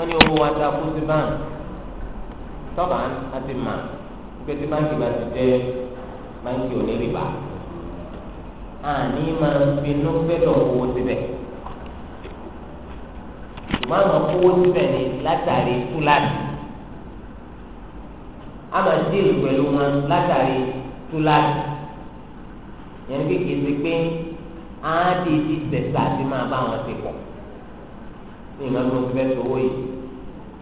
wọ́n ní owó wa ta kó sí báńkì tọ́ba àti mà pé tí báńkì bá ti jẹ́ báńkì onírìbá àní máa bínú fẹ́lọ̀ owó síbẹ̀ ṣùgbọ́n àwọn owó síbẹ̀ ni látàrí túláàsì a máa díìlì pẹ̀lú wọn látàrí túláàsì yẹn kékeré sí pé á di ti tẹ̀sà àti máa bá wọn ti pọ̀ ní ìmọ̀ tó ń fẹ́ sọ owó yìí.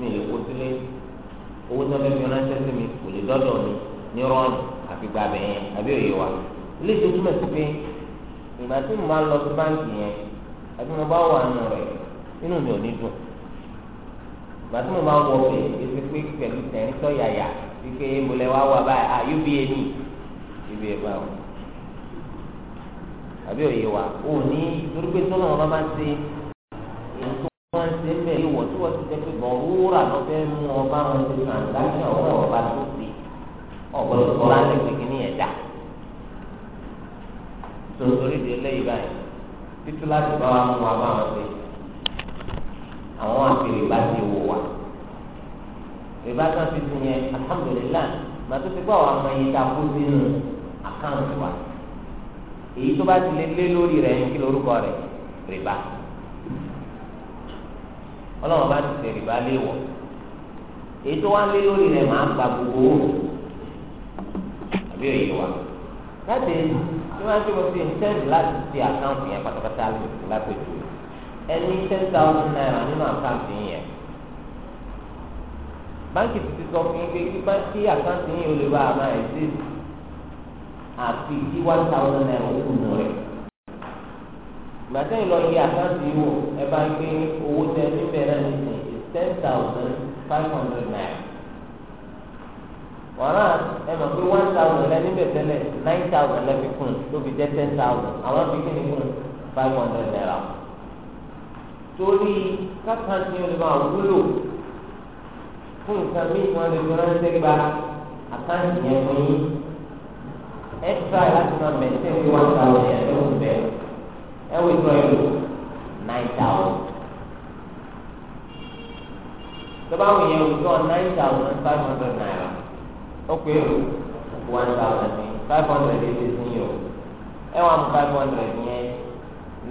ní ilé kó sílé owó tí wọ́n fẹ́ sí mi kò lè dọ́dọ̀ mi ní rọ́ọ̀nù àfi gba abẹ àbí òye wa ilé tó sí pé ìgbà tí mo máa lọ sí báǹkì yẹn àbí mo bá wà nù rẹ̀ inú mi ò ní dùn ìgbà tí mo uba ní uba báwo àbí òye wa ò ní wọn máa ń wọ́n ṣe ń bẹ̀ ìwọ̀ tí wọ́n ti jẹ́ pé bọ̀ wúrà lọ fẹ́ mú wọn bá wọn ṣe transaction ọba tó ṣe ọ̀gbọ́dọ̀ tó rà ní kékeré báyìí títí láti bá wa mú wọn àwọn àpèrè bá ti wò wá. ìbá kan ti sìn yẹn ti gbọ́ àwọn ọmọ yìí sínú àkáǹtì wa èyí tó bá ti ọlọ́run bá ti ṣe rìbá léèwọ̀ èyí tó wá lé lórí rẹ̀ máa ń pa gbogbo òun àbí òye wa láti ní wọ́n ti wọ́n ti intend láti ṣe àkáǹtì yẹn pátápátá lápẹ̀jù ẹni ten thousand naira nínú àkáǹtì yẹn báńkì ti ti sọ fún yín pé kí báńkì àkáǹtì yẹn ò lè bá a ẹ̀ sí àti kí one thousand naira ó kù nù rẹ̀ gbàtẹ́ ìlọ iye àkáǹtì yìí wò ẹ bá ń gbé owó tẹ níbẹ̀ náà ní sìn is ten thousand five hundred naira wàrà ẹ mọ̀ pé one thousand lẹ níbẹ̀ tẹ́lẹ̀ nine thousand lẹ fi tó fi jẹ́ ten thousand àwọn fi kí ni kún five hundred naira torí káàkáǹtì yìí ó lè máa wúlò fún nǹkan bí wọ́n lè fi ránṣẹ́ gba àkáǹtì yẹn fún yín ẹ tíra láti máa mẹ̀tẹ́ fi one thousand yẹn lóhùn bẹ́ẹ̀ ẹ wò ìtọ́ ìlú nine thousand tọ́ba wò yẹn withdraw nine thousand five hundred naira ó pé o one thousand ní five hundred ní ti sin yìí o ẹ wà mú five hundred yẹn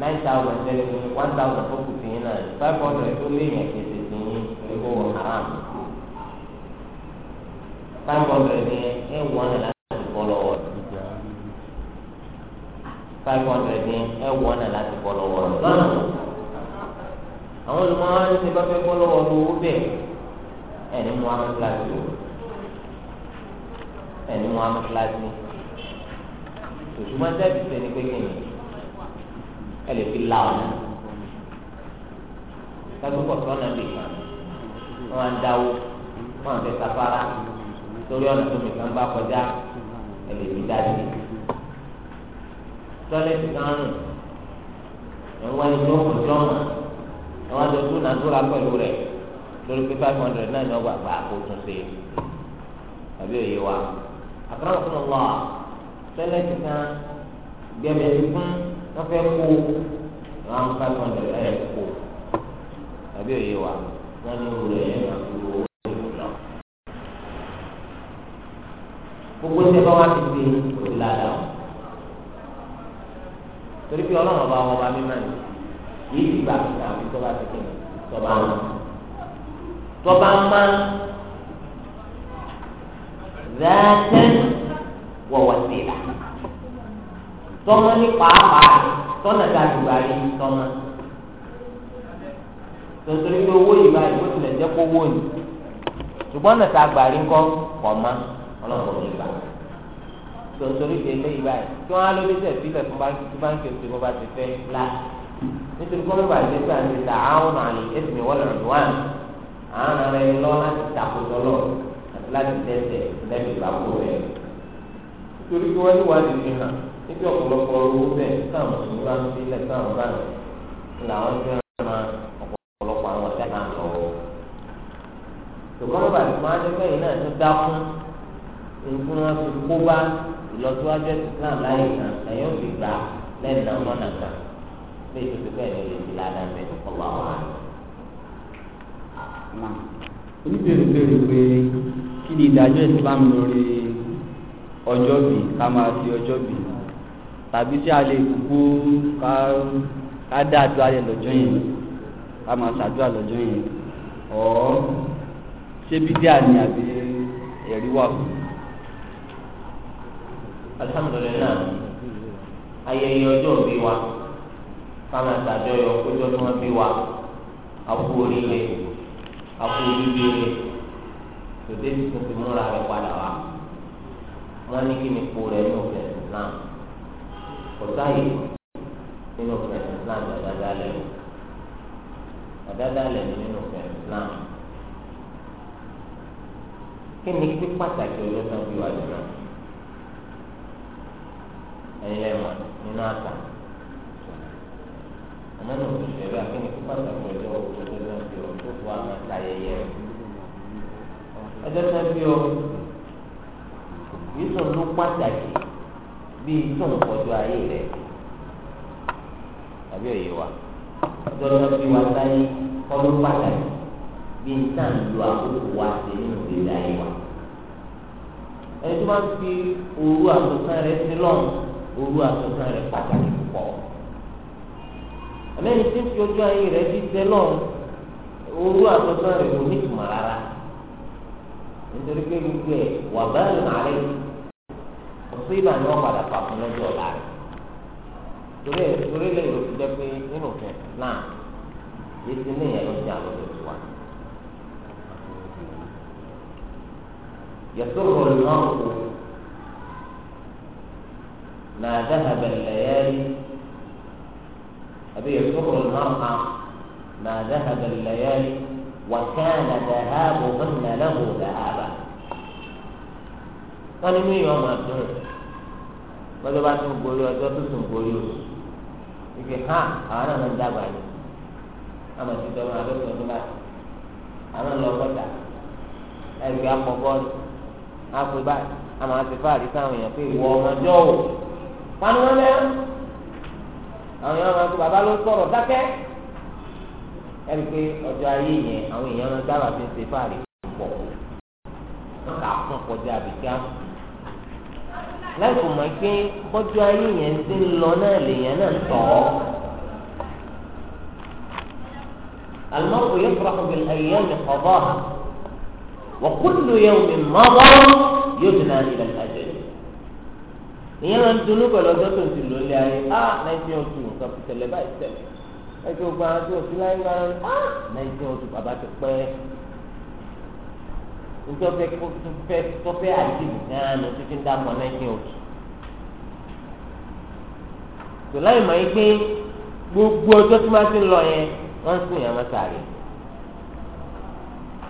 nine thousand tẹ́lẹ̀ fún one thousand tó kù sí yín náà five hundred tó lé yẹn kì ti ní kò haram five hundred yẹn ẹ wọ́n náà. five hundred ní ẹ̀wọ̀n náà láti bọ́ lọ́wọ́ rẹ̀ lọ́nà àwọn olùmọ̀ọ́ ní ti bá fẹ́ bọ́ lọ́wọ́ lówó bẹ́ẹ̀ ẹni mú amú kíláàsì o ẹni mú amú kíláàsì òṣùmọ̀ sẹ́ẹ̀tì sẹ́ni pékin ni ẹ lè fi la ọ̀nà kájọpọ̀ sọ́nà bì kan wọ́n á dáwó wọ́n á fẹ́ safara torí ọ̀nà tó mi kan bá kọjá ẹ lè fi dá sí tọ́lẹ́tì kan nù ẹ̀wọ́n ẹni tó kù jọ́mà ẹ̀wọ́n àti ojú náà tó ra pẹ̀lú rẹ̀ lórí pé five hundred náà ni ọgbà gbà kó tún ṣe àbí òye wa àkàrà fún ọlọ́ tọ́lẹ́tì kan gbẹ̀mẹ̀ fún wọ́n fẹ́ kó ẹ̀wọ́n five hundred ẹ̀ kó àbí òye wa wọ́n ní òwúrọ̀ yẹn máa fi owó tó kù lọ. gbogbo ṣe bá wá ti di òṣèlú àdáwọ̀ torí pé ọlọ́run ọba àwọn ọba mímọ́ ni yìí ti gbà àbí tọ́ba ti kẹ́ tọ́ba ń tọ́ba ń má rẹ́ẹ́tẹ́ wọ̀wọ̀ sí i tọ́mọ ní pàápàá tọ́nà ta ìgbà yìí tọ́mọ tòtòrí pé owó ìgbà yìí ó tilẹ̀ jẹ́ kó wó ni ṣùgbọ́n nàta àgbà ńkọ́ kọ̀ ma ọlọ́run ọba ìgbà tòtòrí pé léyìí báyìí kí wọ́n á lórí tẹ̀ sílẹ̀ fún báńkì òsè bó bá ti fẹ́ la nítorí kọ́ bàbá àti ẹgbẹ́ àti ìta àwọn àlè ẹ̀sìn wọ́n lọ́rọ̀ lọ́wọ́ àwọn ará ẹni lọ́wọ́ láti takòtò lọ àti láti tẹ̀sẹ̀ lẹ́bi ìbáko rẹ̀. nítorí kí wọ́n ní wàá dìde hàn níbi ọ̀pọ̀lọpọ̀ owó bẹ́ẹ̀ káwọn sùn bá ń sílẹ̀ káwọn bá ń làwọn fi hàn máa ọ̀pọ̀lọpọ̀ àwọn ọ̀tẹ́ náà lọ́wọ́. tòkọ́ bàbá àti máa ń ìlọsíwájú islam láyé kan ẹ̀yọ́ fi gbà lẹ́nu náà lọ́nà kan bí ètò ìpínlẹ̀ ẹ̀dẹ̀ lè fi ládàá bẹ́ẹ̀ ọ̀wá wa. oníbèrè bèrè pé kí ni ìdájọ́ islam lórí ọjọ́ bì ká máa fi ọjọ́ bì tàbí tí a lè kúkú ká dá àdúrà yẹn lọ́jọ́ yẹn ká máa ṣàdúrà lọ́jọ́ yẹn ọ̀ ṣé bídíà ni àbí ẹ̀rí wà fún un alhamdulilayi ayẹyẹ ọjọ́ bí wa kama ṣàjọyọ̀ kójọ tí wọn bí wa akú oríire akú oríire tòde tí tó ti múra rẹ padà wá wọn ní kí ni kó rẹ ní òfin islam kò sáyé nínú òfin islam dáadáa lẹ́nu dáadáa lẹ́nu nínú òfin islam kí ni kí pàtàkì ọjọ́ tí wọn bí wa jù náà. ẹ̀yin lẹ́mọ̀ nínú àtà àmọ́ ní òfin ìṣẹ̀lẹ̀ akéwì tó pàtàkì ọjọ́ ọjọ́ tó lọ sí ọ tó fún àwọn àti ayẹyẹ rẹ̀ ọjọ́ tó fi ọ yìí tó ń pàtàkì bíi tó kọjú ayé wa tó fi sáyé pàtàkì bíi wa sí nínú ayé wa fi Oru àtúntàn rẹ̀ pàtàkì pọ̀ àmẹ́ni tí ń fi ojú ayé rẹ̀ fi tẹ náà orú àtúntàn rẹ̀ kò ní ìtumọ̀ rárá nítorí pé gbogbo ẹ̀ wà báyìí nàárẹ̀ ọ̀sẹ̀ ìlànà ọ̀padà pàfún lọ́jọ́ ọ̀la rẹ̀ torí ẹ̀ torí lè jẹ́ pé nínú náà ما ذهب الليالي أبي يسر المرأة ما ذهب الليالي وكان ذهابهن له ذهابا wọ́n ní mílíọ̀nù ọmọ àdúrà lọ́jọ́ bá tún gorí ọjọ́ tó tún gorí o ìgbè ha àwọn náà máa ń dàgbà ni àmọ̀ sí tọ́lú àdókòó tó bá àwọn lọ bọ́tà ẹgbẹ́ akọ bọ́ọ̀lù àpò báyìí àmọ̀ àti fáàrí sáwọn èèyàn pé ìwọ ọmọdé ọ̀wọ̀. panu wọn lẹ àwọn èèyàn máa tó bàbá ló sọ̀rọ̀ dákẹ́ ẹni pé ọjọ́ ayé yẹn àwọn èèyàn máa dábàá fi ń ṣe fáàrí pọ̀ wọn ká á fún kọjá àbíká láìpẹ́ mọ̀ pé ọjọ ayé yẹn ti ń lọ náà lèèyàn náà ń tọ̀ ọ́. المرء يفرح بالأيام قضاها وكل يوم مضى يدنى إلى الأيام ìyẹn máa ń dunú pẹ̀lú ọjọ́ tó ń ti lò lé ayé a ah, nineteen oh two nǹkan fi tẹ̀lé báyìí tẹ̀lé ẹjọ́ gba àwọn tí òsì láyé gba àwọn a nineteen oh two bàbá ti pẹ́ nítorí pé kó tó fẹ́ tó fẹ́ àdìmù náà ló ti fi ń dàpọ̀ nineteen oh two tò láì máa ń gbé gbogbo ọjọ́ tí máa ti lọ yẹn wọ́n sìn yàn máa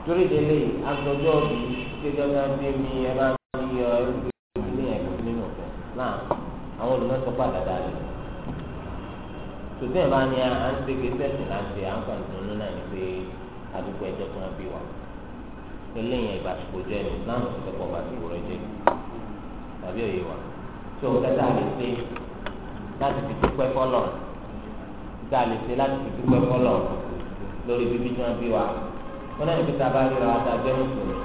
torí délé agbọjọ bíi ṣé gbọdọ bí mi ẹ bá mi yọ ẹ Islam àwọn olùmọ̀sọ́ pàdàdà rẹ̀ tòtí ẹ̀ bá ní à ń tege sẹ́sì láti à ń kàn dùnú náà ní pé àdúgbò ẹ̀jẹ̀ fún ẹbí wa eléyìí ìbáṣepọ̀ jẹ́ ní Islam ti fẹ́ kọ́ ìbáṣepọ̀ rẹ̀ jẹ́ tàbí òye wa tí o kẹta lè ṣe láti fi dúpẹ́ fọlọ́ kẹta lè ṣe láti fi dúpẹ́ fọlọ́ lórí bíbí tí wọ́n bí wa wọn náà ní pé tá a bá ríra wa tá a jẹ́ mùsùlùmí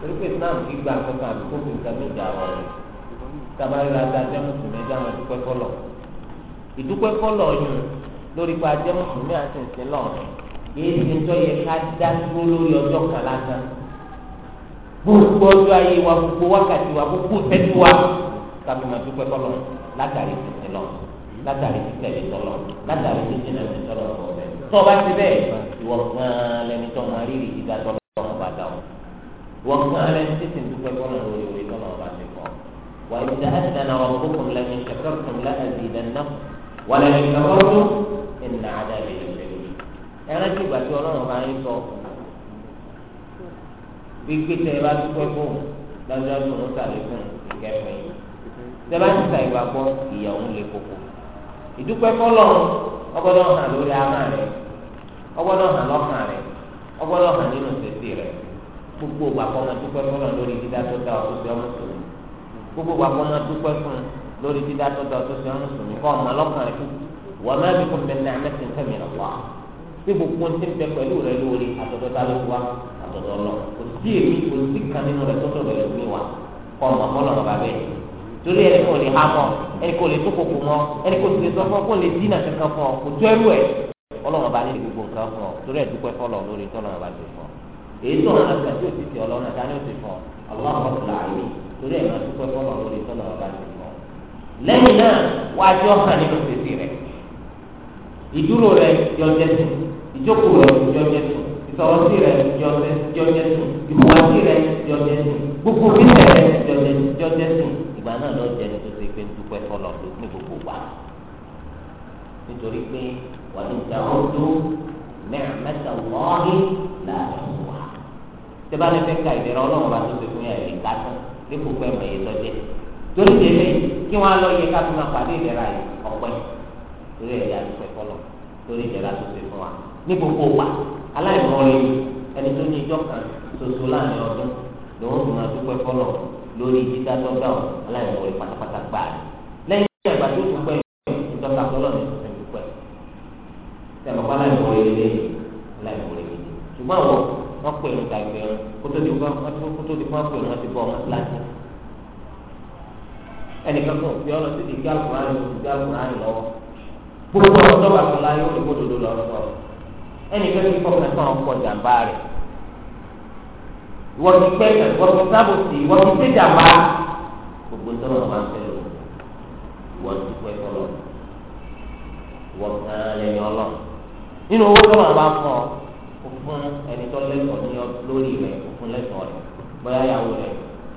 torí pé Islam kì í gba àkókò àbíkó fi nǹkan tabalera ta jẹ́ mùsùlùmí dáhùn ìdúpẹ́ kọlọ̀ ìdúpẹ́ kọlọ̀ yùn lórí pa jẹ́ mùsùlùmí àti ìsìn lọ kìí ṣe tó yẹ ká dá dúró lórí ọjọ́ kan lásán gbogbo ọjọ́ ayé wa gbogbo wákàtí wa gbogbo tẹ́tí wa kàtúmọ̀ ìdúpẹ́ kọlọ̀ látàrí ìsìn lọ látàrí títẹ̀lé tọ́lọ̀ látàrí títẹ̀lé tọ́lọ̀ tó o bá ti bẹ́ẹ̀ ìwọ gan-an lẹni tó máa rí ìdí ìdá tọ́lọ̀ ọ̀bàdàn ìwọ gan-an lẹni títí ìdúpẹ́ kọlọ̀ lórí orí tọ́lọ̀ ọ̀bàdàn وإن تأذن ربكم لئن شكرتم لأزيدنكم ولئن كفرتم إن عذابي لشديد ẹran tí ìgbà tí ọlọ́run bá ń sọ gbígbé tẹ ẹ bá dúpẹ́ fún dájúdájú na na ìyàwó ń le koko ìdúpẹ́ fọlọ́ ọgbọ́dọ̀ hàn lórí ara rẹ ọgbọ́dọ̀ hàn lọ́kàn rẹ ọgbọ́dọ̀ hàn nínú sèse rẹ gbogbo ìgbà kọ́ ọmọ lórí dídá tó ọmọ gbogbo wa kọ́mọ dúpẹ́ fún un lórí dídá tó da tó ṣe ń sùn ní fọ́ọ̀mù ọlọ́kàn rẹ̀ wọ́n máa bí kọ́mọ ní amẹ́sìn fẹ́mi rẹ̀ wá tí gbogbo ti ń bẹ pẹ̀lú rẹ̀ lórí àtọ̀dọ̀ ta ló wá àtọ̀dọ̀ lọ kò sí èmi kò sí kan nínú rẹ̀ tó tọ̀dọ̀ rẹ̀ mi wá kọ́mọ kọ́lọ̀ bàbá bẹ́ẹ̀ torí ẹni kò lè hámọ́ ẹni kò lè tó kòkò mọ́ ẹni kò lè sọ́kọ́ kò lè dínà kankan fún ọ kò tó ẹrú ẹ̀ ọlọ́run bá nílùú gbogbo nǹkan fún ọ torí ẹ̀ dúpẹ́ fọlọ́ lórí tọ́lọ́run bá ti fún ọ èyí tó ń lọ sí àti òtítì ọlọ́run àti àní fún ọ ọlọ́run bá ti torí ẹ̀ máa dúpẹ́ fọlọ lórí tọlọ ọba ti kọ lẹ́yìn náà wá jọ hàn nínú fèsì rẹ ìdúró rẹ yọ jẹsùn ìjókòó rẹ yọ jẹsùn ìsọ̀rọ̀sí rẹ yọ jẹsùn ìhùwàsí rẹ yọ jẹsùn gbogbo fífẹ rẹ yọ jẹsùn ìgbà náà lọ jẹ ní tó ṣe pé dúpẹ́ fọlọ ní gbogbo wa nítorí pé wàlú ìdáwó tó mẹ́rẹ̀mẹ́ta wọ́ọ́rì láàrin wa tẹ́bá ìdẹ̀rọ̀ ọlọ́run bá tó ṣe fún yàrá ìdásán dípò pé ẹ̀mọ̀ yìí lọ́jẹ́ torí tèmi kí wọ́n á lọ yẹ ká fi máa pàdé ìlera yìí ọ̀pẹ́ torí ẹ̀yà àtúnṣe fọlọ̀ torí ìlera tó ṣe fún wa ní gbogbo wa aláìmọ̀ọ́rẹ́ ẹni tó ní ìjọ kan ṣoṣo láàrin ọdún lòun fi máa dúpẹ́ fọlọ̀ lórí dídá tó dá aláìmọ̀ọ́rẹ́ pátápátá gbà lẹ́yìn ìgbà tó dúpẹ́ ìjọba fọlọ̀ ní ìdúpẹ́ tẹ̀mọ̀pá aláìmọ̀ọ́rẹ́ lé aláìmọ̀ọ́rẹ́ lé ṣùgbọ́n àwọn wọ́n pè é kótó di wọn kótó di wọn pè wọn ti bọ wọn láti ẹnìkan kò fi ọlọ sí ti gbé àkùnrin àyè ti gbé àkùnrin àyè lọ́wọ́ gbogbo ọ̀rọ̀ tó bá tó láyé ó lè gbódòdó lọ sọ ẹnìkan kò kọ fún ẹ̀gbọ́n ọkọ jàmbá rẹ ìwọ ti pẹ ìwọ ti sábò sí ìwọ ti pé jàmbá gbogbo tọrọ máa ń tẹlẹ ìwọ ti pẹ tọrọ ìwọ kan lẹ́yìn ọlọ nínú owó tọrọ máa fọ ọ fún ẹni tó lẹ́kọ̀ọ́ ní lórí rẹ̀ bóyá yàwó rẹ̀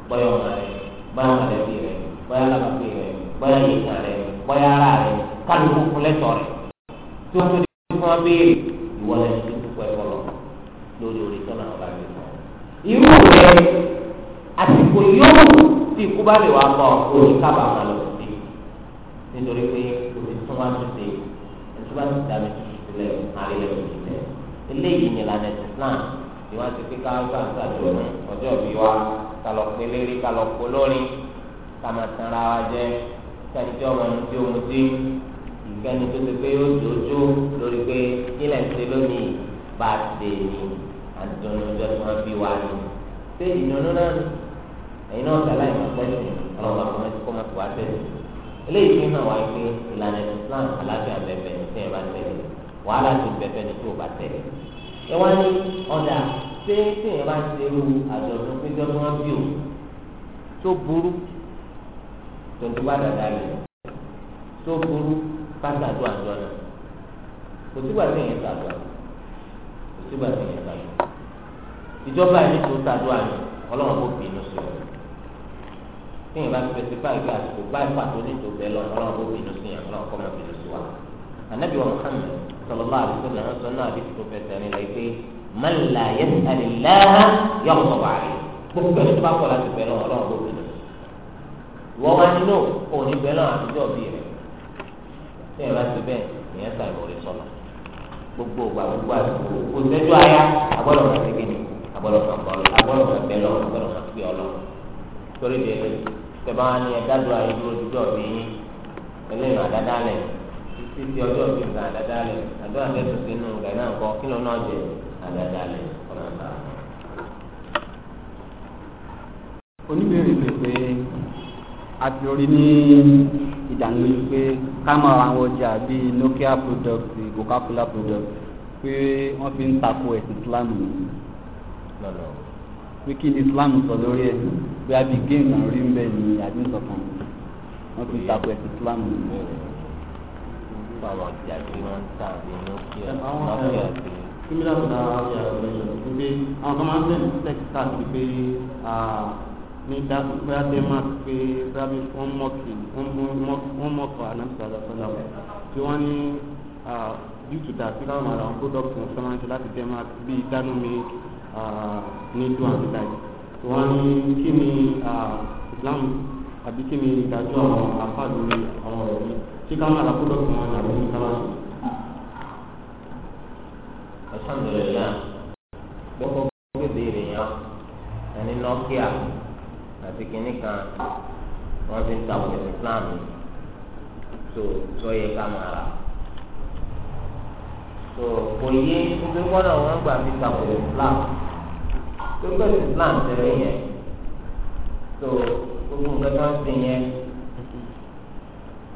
bóyá ọmọ rẹ̀ bóyá mọ̀lẹ́bí rẹ̀ bóyá lábàgbé rẹ̀ bóyá yìíká rẹ̀ bóyá ara rẹ̀ kálukú kúlẹ̀tọ̀ rẹ̀ tí wọ́n tó di fún wọn béèrè ìwọ lẹ ti dúpọ̀ ẹ̀kọ́ lọ lórí orí tọ́lá ọba mi sọ. irú rẹ̀ àsìkò yóò tí ikú bá lè wá bọ̀ orí kábàámà lọ sí nítorí pé omi tún wá tún ṣe ẹtú bá ti dàbí tuntun sílẹ̀ àríyànjú sílẹ̀ eléyìí ni ìlànà ìsìlámù ìwọ́n ti pé káwá ṣàjọyọ̀ ọjọ́ bí wa kálọ̀ pé lérí kálọ̀ pé lórí ká máa tan ara wa jẹ kẹ́ni tí ọmọ ẹni tí ó mu sí kẹ́ni tó ti pé yóò dojú lórí pé kílẹ̀ ń lónìí bá a ṣe ní àdùnnú ọjọ́ tí wọ́n bí wa ni. ṣé ìdùnnú náà ẹ̀yin náà dàgbà ìmọ̀ pẹ́sì ọlọ́wọ́ àwọn ẹni kọ́ máa fi wá pẹ́sì. eléyìí fi hàn wáyé pé ìlànà ìsìlámù aláfíà bẹ̀bẹ̀ ní sẹ́yìn bá tẹ̀lé wàhálà ti bẹ̀bẹ̀ ní tí ò bá tẹ̀lé ẹ wá ní ọ̀dà ṣé téèyàn bá ń ṣe irú àjọ̀dún péjọ tí wọ́n bí o tó burú tòǹtò bá dàda rẹ̀ tó burú pátá tó àjọ náà kò sígbà téèyàn ṣàdúrà kò sígbà téèyàn ṣàdúrà ìjọba yìí tó ṣàdúrà ni ọlọ́run kò bínú sí ọ téèyàn bá ti fẹsẹ̀ báyìí àsìkò báyìí pàtó nítorí bẹ́ẹ̀ lọ ọlọ́run kò bínú sí yàn ọlọ́run kò má bínú sí wa anabi wa muhammed sallallahu alaihi wa sallam sọ náà àdìsí tó fẹsẹ̀ rìn lẹ́yìn pé man la yas'alillaha yaghdab alayhi gbogbo ẹni tó bá kọ̀ láti bẹ̀rẹ̀ ọlọ́run gbogbo ẹni wọ́n wá nínú òní bẹ̀rẹ̀ àtijọ́ bí rẹ̀ tí ẹ̀ bá ti bẹ́ẹ̀ ìyẹn ta ìwọlé sọ̀lá gbogbo ògbà gbogbo àtìkò kò sẹ́jọ́ aya agbọ́dọ̀ máa ṣe kíni agbọ́dọ̀ máa kọ́ agbọ́dọ̀ máa lọ agbọ́dọ̀ máa pè ọ torí bẹ́ẹ̀ tẹ bá ní ẹ dájú ayé dúró dúdú títí di ọjọ́ òbí nǹkan àdáda lẹ̀ àdó àtẹ̀tù sínú nǹkan náà kọ́ kí ló náà jẹ àdáda lẹ̀ ọ̀nà àbá. oníbèrè pè pé a ti rí ní ìdánilójú pé ká máa àwọn ọjà bíi Nokia products Coca-Cola products pé wọ́n fi ń tako ẹ̀sìn Islam lọ́lọ́ pé kí ni Islam sọ lórí ẹ̀ bí a bí géèmù àrí ń bẹ̀ ní àdínsọ̀kan wọ́n fi ń tako ẹ̀sìn Islam lọ́lọ́ àwọn ọjà tí wọ́n ń tà ní nokia nokia ti. kímílà tó dára ọjà rẹ̀ yọ̀ pé àwọn kan máa ń tẹ̀lé tẹ́kítà sí pé ní dáàbò bóyá tẹ́ máa pé bóyá wọ́n mọ̀kì wọ́n mọ̀kọ̀ ànáfíà sọ́lá tí wọ́n ní due to that kíkà wọn àwọn product wọn fẹ́ máa ń ṣe láti tẹ́ máa bí dánú mi ní dùn àti dàgbé wọ́n ní kí ni ah, ah, Islam àbí kí ni ìdájọ́ àwọn afáàlú àwọn ọ̀rọ̀ yìí kíkà máa lọ kó dọ̀tí wọn làwọn ní sábà sùn. alhamdulilayi gbogbo gbogbo ìbéèrè yẹn ẹni nọ́kíà àti kìnnì kan wọ́n ti ń ta òkè islam tó tó yẹ ká máa rà tó kò yé nítorí wọ́n àwọn islam tó gbèsè islam tẹ̀lé yẹn tó gbogbo nǹkan tó ń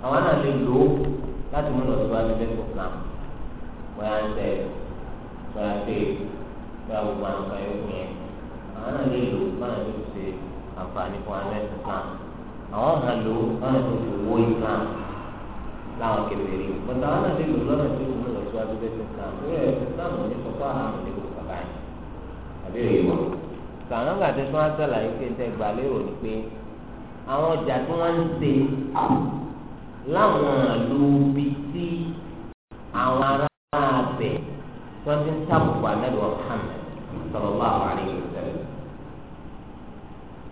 àwọn náà lè lò ó láti mú lọ síwájú lẹ́kọ̀ọ́ kan bóyá ń tẹ̀ bóyá pé bóyá gbogbo àwọn kan yóò fún yẹn àwọn náà lè lò ó báyà tó ṣe àǹfààní fún àwọn ẹ̀sìn kan àwọn kan lò ó báyà tó ṣe owó ìkan láwọn kékeré bọ́tà àwọn náà lè lò lọ́nà tó mú lọ síwájú lẹ́sìn kan lórí ẹ̀sìn wọ́n á sàlàyé pé ń tẹ́ gbà àwọn ọjà láwọn àlùbí tí àwọn ará abẹ tí wọ́n ti ń tàbùkù àmẹ́lò Muhammad sallallahu alaihi wasallam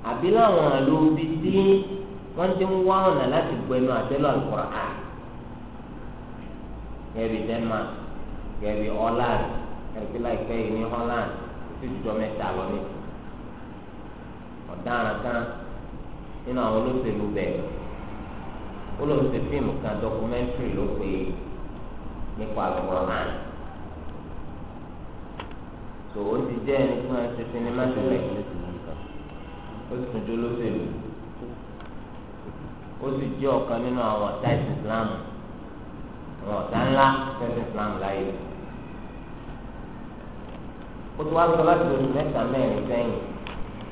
àbí láwọn àlùbí tí wọ́n ti ń wá ọ̀nà láti gbẹnu àtẹ́lù Al-Qur'an gẹ̀ẹ́bí Denmark gẹ̀ẹ́bí Holland ẹ̀rọ̀bí láìpẹ́ yìí ní Holland fíjọ mẹ́ta lọ ní ọ̀daràn kan nínú àwọn olóṣèlú bẹ̀rẹ̀ ó lọ sí fíìmù kan dọkumẹ́ntìrì ló pé nípa àlùkòrán tó o ti jẹ́ ẹni tí wọ́n ti sinimá tẹ́lẹ̀ ó sì tún jó lóṣèlú ó sì jẹ́ ọ̀kan nínú àwọn ọ̀tá ìsìn Islam àwọn ọ̀tá ńlá fẹ́sẹ̀ Islam láyé ó ti wá sọ láti oṣù mẹ́ta mẹ́rin sẹ́yìn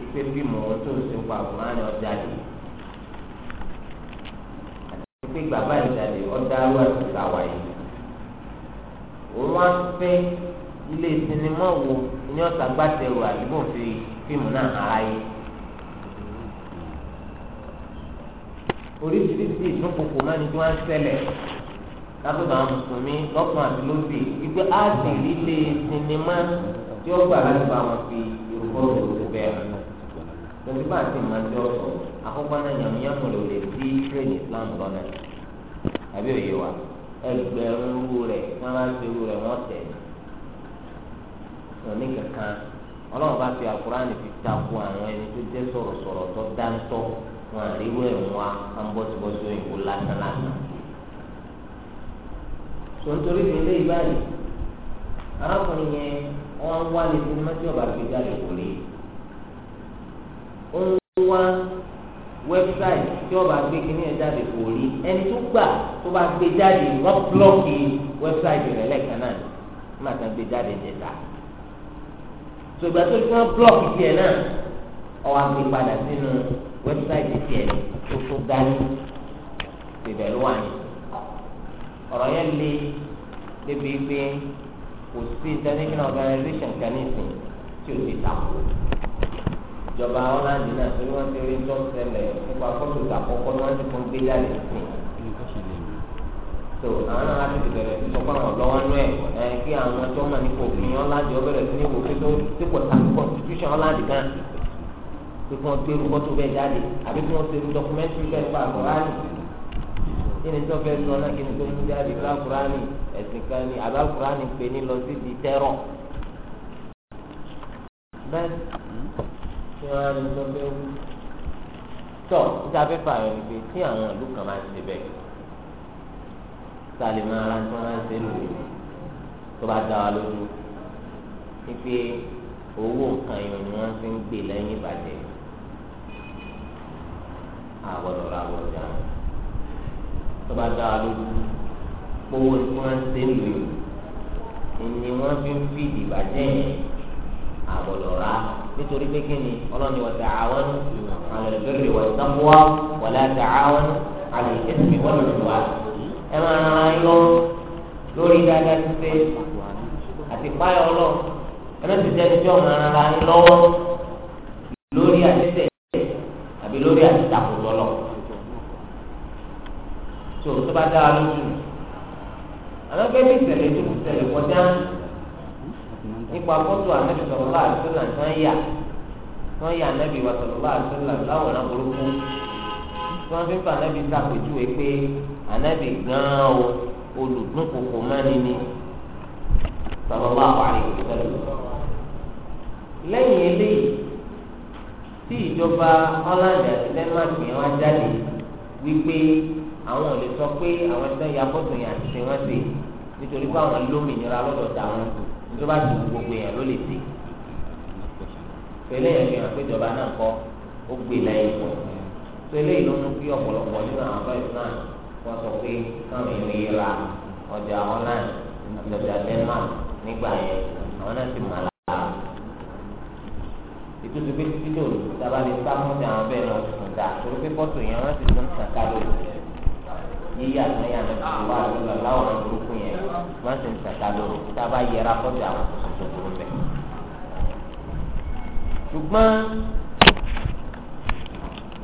ìpè fíìmù ohun tó ń ṣe pa àlùkòrán ọjà yìí pé bàbá ìjàlè ọ̀dà ló àti sàwà yìí òun wá fẹ́ ilé sinimá wo ní ọ̀sà gbàtẹ̀rù àdúgbò fi fíìmù náà hàn áyé oríṣiríṣi ìdúnkokò máa ń tí wọ́n ń ṣẹlẹ̀ lábẹ́ bàá mùsùlùmí lọ́kùn àti lóbì wípé á sì líle sinimá tí ó gbà láti bá wọn fi yorùbá òdòdó bẹ́ẹ̀ lọ́sibà àti màdé ọ̀sọ̀rọ̀ àkọ́kọ́ náà yàmùyàmù rẹ̀ ò lè dí tírẹ̀nì islam lọ́nà àbí òye wa ẹgbẹ̀rún owó rẹ̀ wọ́n bá ti owó rẹ̀ wọ́n tẹ̀ òní kankan ọlọ́run bá fi àkùránì fi takò àwọn ẹni tó jẹ́ sọ̀rọ̀sọ̀rọ̀ tó dáńtọ́ wọn àríwó ẹ̀ wá ń bọ́sibọ́sí òyìnbó lásán lásán tontori fi lé ìbáyìí arákùnrin yẹn wọn wá ní sinimá tí ọba gbé jáde kò lè ó wá Website, tí wọ́n bá gbé kíní ẹ̀ jáde kò rí ẹni tó gbà tó bá gbé jáde wọ́n búlọ́ọ̀kì wẹ́bsáìtì rẹ̀ lẹ́ẹ̀kan náà má tán gbé jáde jẹta ṣùgbọ́n tó ti wọ́n búlọ́ọ̀kì tiẹ̀ náà ọwọ́ àgbè padà sínú wẹ́bsáìtì tiẹ̀ tó tó dání ìbẹ̀ ló wà ní. ọ̀rọ̀ yẹn le débi pé kò sí international organization kan ní ìsìn tí o ti tako ìjọba ọlọ́ọ̀dì náà torí wọ́n ti rí tó ń ṣẹlẹ̀ nípa fọ́tò àkọ́kọ́ ni wọ́n ti fún gbé jáde sí. so àwọn náà láti ti bẹ̀rẹ̀ sí sọ pé àwọn lọ́wọ́ nú ẹ̀ kí àwọn tó mọ̀ nípa òfin ọ̀làdì ọbẹ̀rẹ̀ sí ní wò pé tó ti pọ̀ tàbí constitution ọ̀làdì kan pé kí wọ́n gbé irú fọ́tò bẹ́ẹ̀ jáde àbí kí wọ́n ṣe irú documentary bẹ́ẹ̀ nípa àkùránì kí ni tó fẹ́ sọ náà kí ni tó mú jáde bá àkùránì ẹ̀sìn kan ni àbá àkùránì pè ní lọ sí di tẹ́rọ̀ kí wọ́n á rí tọ́ níta fífa rẹ̀ ni pé tí àwọn ìlú kan máa ń ṣe bẹ́ẹ̀ sálẹ̀ máa ra tí wọ́n máa ń ṣe lò ó tó bá dá wa lójú pípé owó nǹkan yìí ni wọ́n fi ń gbè lẹ́yìn ìbàjẹ́ àgbọ̀dọ̀ ra àgbọ̀dọ̀ àwọn tó bá dá wa lójú owó tí wọ́n ń ṣe lò ó wọ́n fi ń fi ìbàjẹ́ yẹn àbọ̀lọ̀ rà nítorí pé kíni ọlọ́ni wa ta'awanu 'ala al-birri wat-taqwa wa la ta'awanu 'ala al-ithmi wal-'udwan. ẹ máa ràn án lọ lórí dáadáa títẹ àti páyọ̀ ọlọ́ ẹ mẹ́tì jẹ́ ẹni tí ọ̀nà ara ń lọ́wọ́ lórí àtẹ̀tẹ̀ àbí lórí àtìtàkùn lọ́lọ́ tó tó bá dára lójú àmọ́ pé ìṣẹ̀lẹ̀ tó ti ṣẹlẹ̀ kọjá nípa fọ́tò ànábì sallallahu alaihi wasallam tí wọ́n yà wọ́n yà ànábì wa sallallahu alaihi wasallam láwọn ọ̀nà burúkú tí wọ́n fi ń fa ànábì sàpèjúwe pé ànábì gan-an o olùdún kòkò mọ́ni ni sallallahu alaihi wasallam. lẹ́yìn eléyìí tí ìjọba ọ́làǹdà ti dẹ́nmàkì yẹn wá jáde wípé àwọn ò lè sọ pé àwọn ẹgbẹ́ ya fọ́tò yẹn àti ṣe wọ́n ṣe nítorí pé àwọn lómìnira lọ́dọ̀ tàwọn kù tó bá dùn gbogbo èèyàn ló lè dé pẹ̀lẹ́ yẹn fi hàn pé ìjọba náà kọ ó gbé lẹ́yìn pọ pẹ̀lẹ́ yìí ló mú kí ọ̀pọ̀lọpọ̀ nínú àwọn ọ̀rọ̀ islam wọn sọ pé káwọn èèyàn yìí ra ọjà online ọjà denmark nígbà yẹn àwọn náà ti mọ̀ lára ìtútù pé títí tó dábàá lè sá fún àwọn bẹ́ẹ̀ lọ sùn dá torí pé fọ́tò yẹn wọ́n ti tún kàkà lórí má sì ń tàkà lóru tá a bá yẹra kọjá àwọn tó burú bẹ. ṣùgbọ́n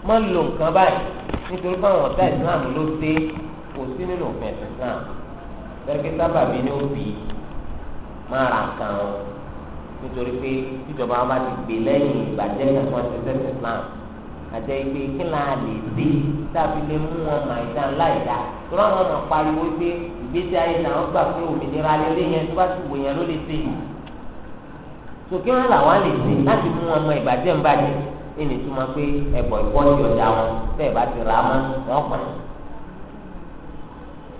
má lo nǹkan báyìí nítorí pé ọ̀tá ìsìláàmù ló dé kò sí nínú òfin ẹ̀sìn islam bẹ́ẹ̀ kí sábàbí ni ó bì í máa ra nǹkan wọn nítorí pé tíjọba wa bá ti gbé lẹ́yìn ìbàjẹ́ náà fún ẹsẹ̀ ẹsẹ̀ islam àjẹ́ ìgbé kí là á lè dé tàbí mú wọn màá dá láì dá tó láwọn ọmọ pariwo pé ìgbésí ayé náà wọ́n gbà pé òmìnira lélẹ́ yẹn tó bá ti wò yẹn ló lè ṣe yìí sòkè wọn làwọn lè ṣe láti mú ọmọ ìbàjẹ́ ń bàjẹ́ ẹnì tó máa pé ẹ̀bọ̀ ìpọ́njì ọ̀dà wọn bẹ́ẹ̀ bá ti rà á mọ́ wọn pàṣẹ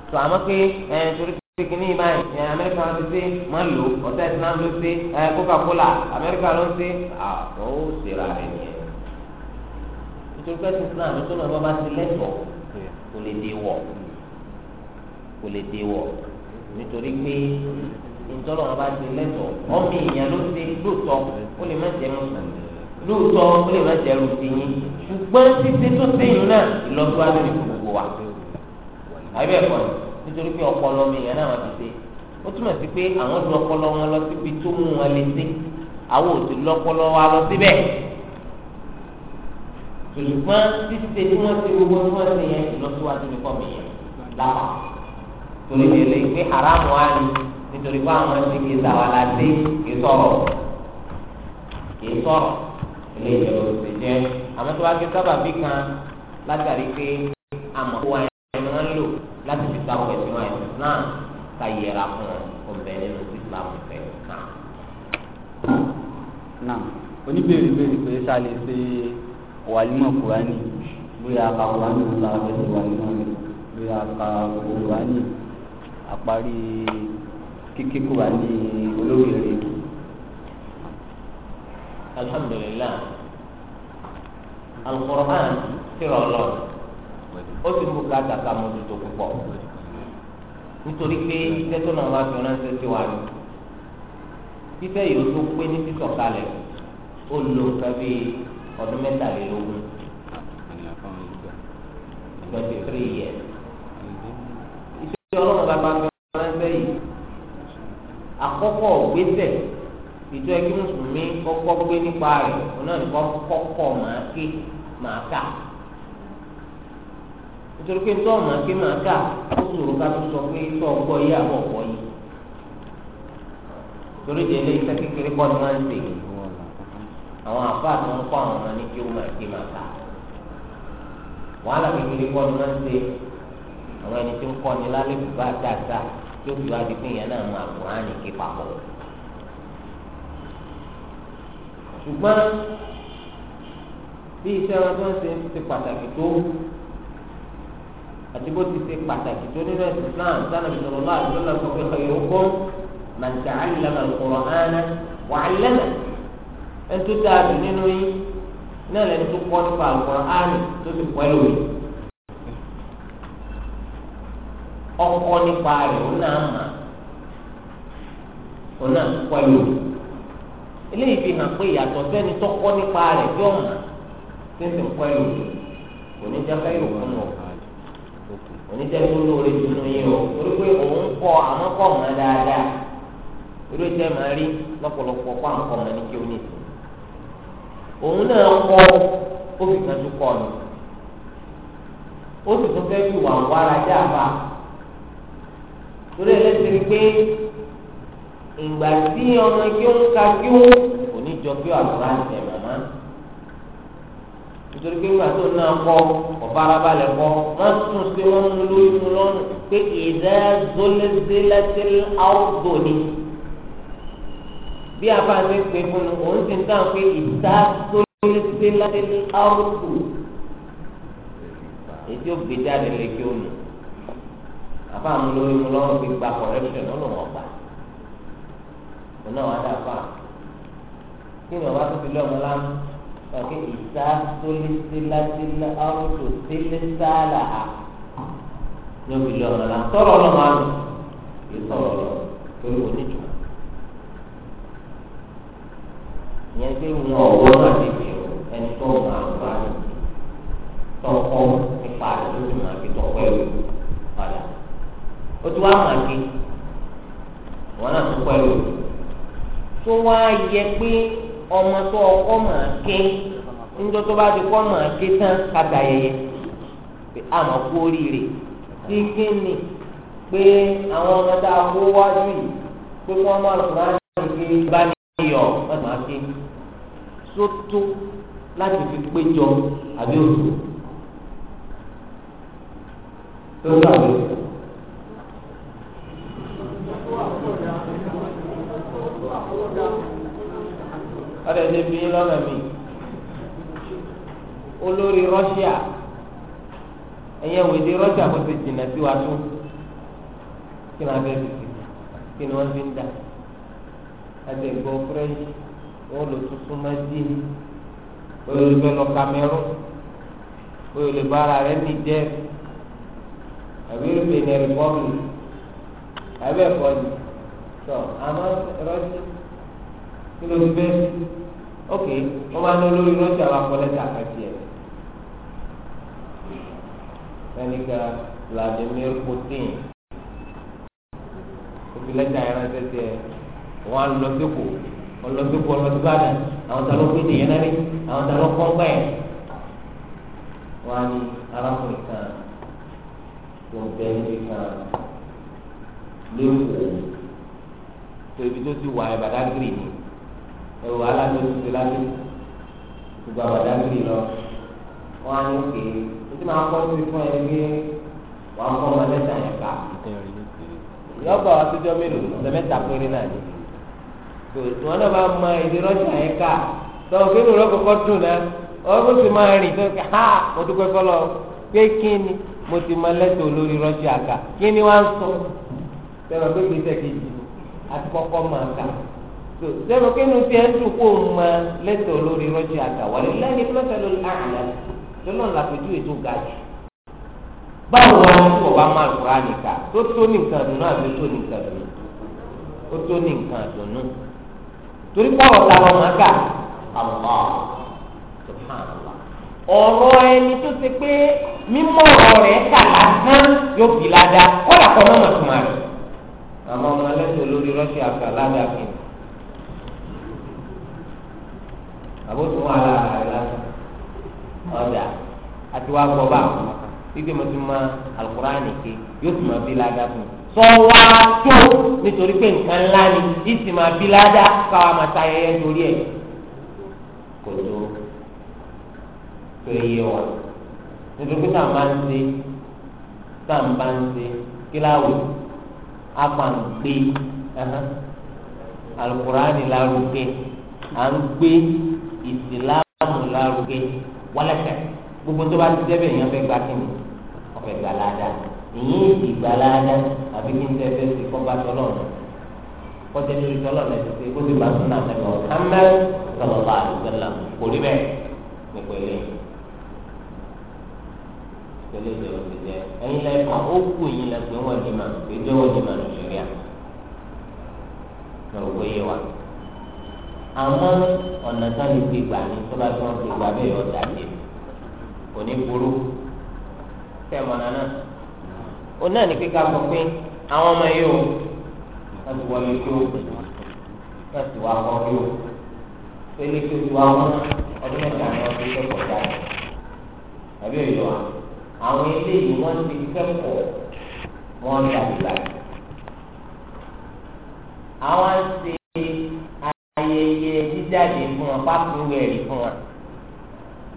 tó àmọ́ pé ẹ torí pé kí ní báyìí ẹ amẹ́ríkà ló ṣe máa lò ọ̀tá ìsìlámù ló ṣe ẹ Coca-Cola amẹ́ríkà ló ṣe àwọn ó ṣèrà rẹ̀ nìyẹn nítorí pé ìsìlámù tó lọ bá bá ti lẹ́tọ̀ọ́ kò lè dé wọ̀ kò lè dé wọ̀ nítorí pé ìtọ́lọ̀ wọn ti lẹ́tọ̀ ọmọ èèyàn ló ṣe lóòótọ́ ó lè má jẹ́ mùsùlùmí lóòótọ́ ó lè má jẹ́ rùsìyìn ṣùgbọ́n títí tó sẹ́yìn náà ìlọsíwájú ní gbogbo wa àbẹ̀ ẹ̀kọ́ nítorí pé ọpọlọ ọmọ èèyàn náà wọ́n ti ó túmọ̀ sí pé àwọn lu ọpọlọ wọn lọ síbi tó mú wọn lè ṣe àwọn ò lọpọlọ wa lọ síbẹ̀ ṣùgbọ́n títí tí wọ́n ti gbogbo tí wọ́n yẹn ìlọsíwájú ní fọ́ọ̀mù torí ní ilé ìpín haramu wa ni nítorí pé àwọn ti kì í sàwọn aládé kì í sọ̀rọ̀ kì í sọ̀rọ̀ ilé ìjọba òsè jẹ́ àmọ́ tó wá gbé sábà bí kan látàrí pé àmọ́ wa ni wọ́n lò láti fi ta ọ̀pẹ̀ sínú àìsàn ká yẹra fún ọ̀bẹ nínú Islam fẹ́ náà. náà oníbèrè bèrè pé ṣáà lè ṣe wàlímọ̀ kúránì bóyá àkàkùránì ló ń ta ọ̀pẹ̀ sí wàlímọ̀ bóyá àkàkùránì àparí kíkí kó wà ní olóyè rẹ̀ alhamdulilah alukoran ti rọ lọ ó ti mú ká kàkà mójútó púpọ̀ nítorí pé iṣẹ́ tó náà máa fi ránṣẹ́ sí wa ni fífẹ́ yìí tó pé ní sísọ̀kalẹ̀ ó lo nǹkan ọdún mẹ́tàlélógún twenty three years tọ́lọ̀ bá máa fi ránṣẹ́ yìí àkọ́kọ́ gbèsè ìjọ ẹgbẹ́ mùsùlùmí kọ́kọ́ gbé nípa rẹ̀ òun náà nìkan kọ́kọ́ máa ké máa kà nítorí pé tọ́ máa ké máa kà ó ṣòro ká tó sọ pé tọ́ gbọ́ yé àbọ̀ pọ̀ yìí torí ìdílé iṣẹ́ kékeré kọ́ ni wọ́n ń ṣe àwọn àfáà tó ń kọ́ àwọn ọmọ ní kí ó máa ké máa kà wàhálà kékeré kọ́ ni wọ́n ń ṣe àwọn ẹni tí ń kọ́ ni lálẹ́ kù bá dáadáa tí ó fi wá di pé ìyẹn náà mú àkùránì ké papọ̀. ṣùgbọ́n bí iṣẹ́ wọn tó ń ṣe ti pàtàkì tó àti bó ti ṣe pàtàkì tó nínú ẹ̀sìn Islam sálẹ̀ ìṣòro náà ló lọ sọ pé ọ̀yọ́ kó man ta'allama al-Qur'ana wa 'allama ẹ̀ tó dáa jù nínú yín náà lẹ́nu tó kọ́ nípa Al-Qur'ani tó ti pẹ́ lómi. ọkọ nípa rẹ ó náà mà ó náà kọ́ ihe eléyìí fi hàn pé ìyàtọ̀ sẹ́ni tó kọ́ nípa rẹ̀ yóò mà tí ń sì ń kọ́ ẹ̀ lò kò ní jẹ́ fẹ́ lóore dunu yín o torí pé òun mọ́ dáadáa máa rí lọ́pọ̀lọpọ̀ àwọn mọ́ o ní òun náà kọ́ ó fi kan kọ́ ni ó torí ẹlẹ́sìn pé ìgbà tí ọmọ kí ó ń ka kí ó kò ní jọ kí ó àgbà tẹ̀ mọ́mọ́ nítorí pé ìgbà tó náà kọ́ ọ̀bárabalẹ̀ kọ́ wọ́n tún sí wọ́n mú lórí mu lọ́nù pé ìdá zolezelatil áwùdò ni bí afáàṣẹ pé fún un òun ti ń dáhùn pé ìdá zolezelatil áwùdò èyí tí ó gbé jáde kí ó nù àbá àwọn olórí mu lọ́wọ́ fi gba correction ọlọ́wọ́ gbà òun náà wà dá fà kí ni ọba tó fi lé ọmọ lánà ọ̀kẹ́ ìta sólísílásílá ọ̀tò sílísálà á ní òbí lé ọmọ lánà sọ̀rọ̀ ọlọ́mọ àná kì í sọ̀rọ̀ ọ̀rọ̀ torí oníjùmọ̀ ìyẹn pé wọn ọ̀wọ́ náà ti fi ẹni tó ń ń bá tó ń lójú o ti wá hàn gé wọn náà tún pẹ̀lú tó wá yẹ pé ọmọ tó ọkọ máa ké ńjọ tó bá ti kọ́ máa ké tán kàdà yẹyẹ pé àmọ́ kú oríire tí kí ni pé àwọn ọmọ tá a kó wájú yìí pé kí wọ́n máa lọ́ọ́ máa ń ké bá ní iyọ̀ wọ́n máa ké sótó láti fi péjọ àbí òtún. ọ̀dẹ̀ ṣe fi yín lọ́nà mi olórí Russia ẹ̀yẹn wò di Russia kó ti jìnnà sí wa tún kí ni a fẹ́ fi si kí ni wọ́n fi ń dà àti ẹ̀gbọ́ French wọ́n lò tuntun máa dì í wọ́n yóò fẹ́ lọ Cameroon wọ́n yóò lè bá ara rẹ̀ Niger àbí Benin republic àbí ẹ̀kọ́ tọ́ àmọ́ Russia kí ló ti fẹ́ ok wọ́n máa ní olórí lọ́sì àwọn akọ́lẹ́tà àti ẹ̀ ẹnìkan Vladimir Putin òfìlẹ́tà ìránṣẹ́ tiẹ̀ wọ́n á lọ sípò ọlọ́sípò ọlọ́síbàdàn àwọn tá ló pé nìyẹn náà rí àwọn tá ló kọ́ gbà yẹn wọ́n á ní arákùnrin kan tó ń bẹ níbi kan léwu tó ibi tó ti wà ẹ̀ bàdá gírì ni ẹ̀rù alájọ tuntun láti gbogbo àbàdà gírì lọ wọn á ní òkè o ti máa kọ́ sí fún ẹni pé wàá kọ́ ọmọ lẹ́tà yẹn ká lọ́gbà wa tó jọ mélòó ọ̀sẹ̀ mẹ́ta péré náà ni wọn náà máa mọ èdè rọ́ṣà yẹn ká sọ òkè ló rọ́ kọ́kọ́ dùn náà ọ̀rọ̀ ló ti máa rìn tó ká ha mo dúpẹ́ fọlọ́ pé kí ni mo ti mọ lẹ́tọ̀ lórí rọ́ṣà ká kí ni wọ́n á sọ sẹ́wọ̀n pé gbèsè kejì àti kọ́kọ́ máa ká sẹ́nu kínú tí ẹ̀ ń dùn kó ń mọ lẹ́tọ̀ lórí rọ́jì àtàwọn lẹ́ni pẹ́sẹ́lú àná lọ́nà làpẹ́jù ètò ga jù. báwo wọn kò bá máa lù rà nìka tó tó ní dùnú àbí tó ní dùnú ó tó ní dùnú torí pọ̀rọ̀ ta lọ máa kà Allah subhanallah ọ̀rọ̀ ẹni tó ṣe pé mímọ́ ọ̀rọ̀ rẹ̀ kà lásán yóò fi ládàá kọ́dà kọ́ mọ́ màtúmọ̀ rẹ̀ àmọ́ ọmọ ẹlẹ́sìn olórí rọ́ṣì àgbà ládàá kìíní. àbótú wọn ara rẹ lásán ọjà àti wàá gbọ́ bá àwọn gbígbé mọ́tò mọ́ alukur'ani ké yóò sì máa bí ládàá fún un tó nítorí pé nǹkan ńlá ni ìsì máa bí ládàá káwa máa ta ayẹyẹ torí ẹ̀ kò tó tó yé wa nítorí pé táwọn bá ń ṣe táwọn bá ń ṣe kíláwó apàǹgbé alukur'ani lárugẹ à ń gbé ìsìláàmù lárugẹ wálẹ̀fẹ̀ gbogbo tó bá ti dẹ́bẹ̀ èèyàn fẹ́ gba kí ni ọ̀fẹ́ gbà láàdá ìyín ìgbà láàdá àbí kí n tẹ́ fẹ́ sí kọ́ba tọ́lọ̀ kọ́tẹ́ lórí tọ́lọ̀ lẹ́sẹ̀ pé kó ti bá súnà tẹ̀lé ọ̀ká mẹ́ sọ̀rọ̀lá àdúgbòlá kò rí bẹ́ẹ̀ ní pẹ̀lẹ́ pẹ̀lẹ́ ìdẹ̀rọ̀ ti jẹ́ ẹ̀yin lẹ́ẹ̀kan ó kù yín lẹ́pẹ́ wọ́n di mà pé jẹ́wọ́ di mà lóṣèlú à lọ́rọ̀ gbé yé wa àmọ́ ọ̀nà tán lè fi gbà ní tó bá tó wọn fi gbà bẹ́ẹ̀ ọ̀dà lè kò ní burú tẹ́ ẹ̀ mọ̀nà náà ó náà ní kíkà sọ pé àwọn ọmọ yìí ó láti wọlé kí láti wá kọ́ kí ó pélé kí ti wá wọn ọdún mẹ́ta ni wọ́n fi kẹ́kọ̀ọ́ dá rẹ̀ tàbí èèyàn wa àwọn eléyìí wọ́n ti kẹ́kọ̀ọ́ wọ́n dàgbà àwọn àti fún wọn pápá ìwé ẹ̀rí fún wọn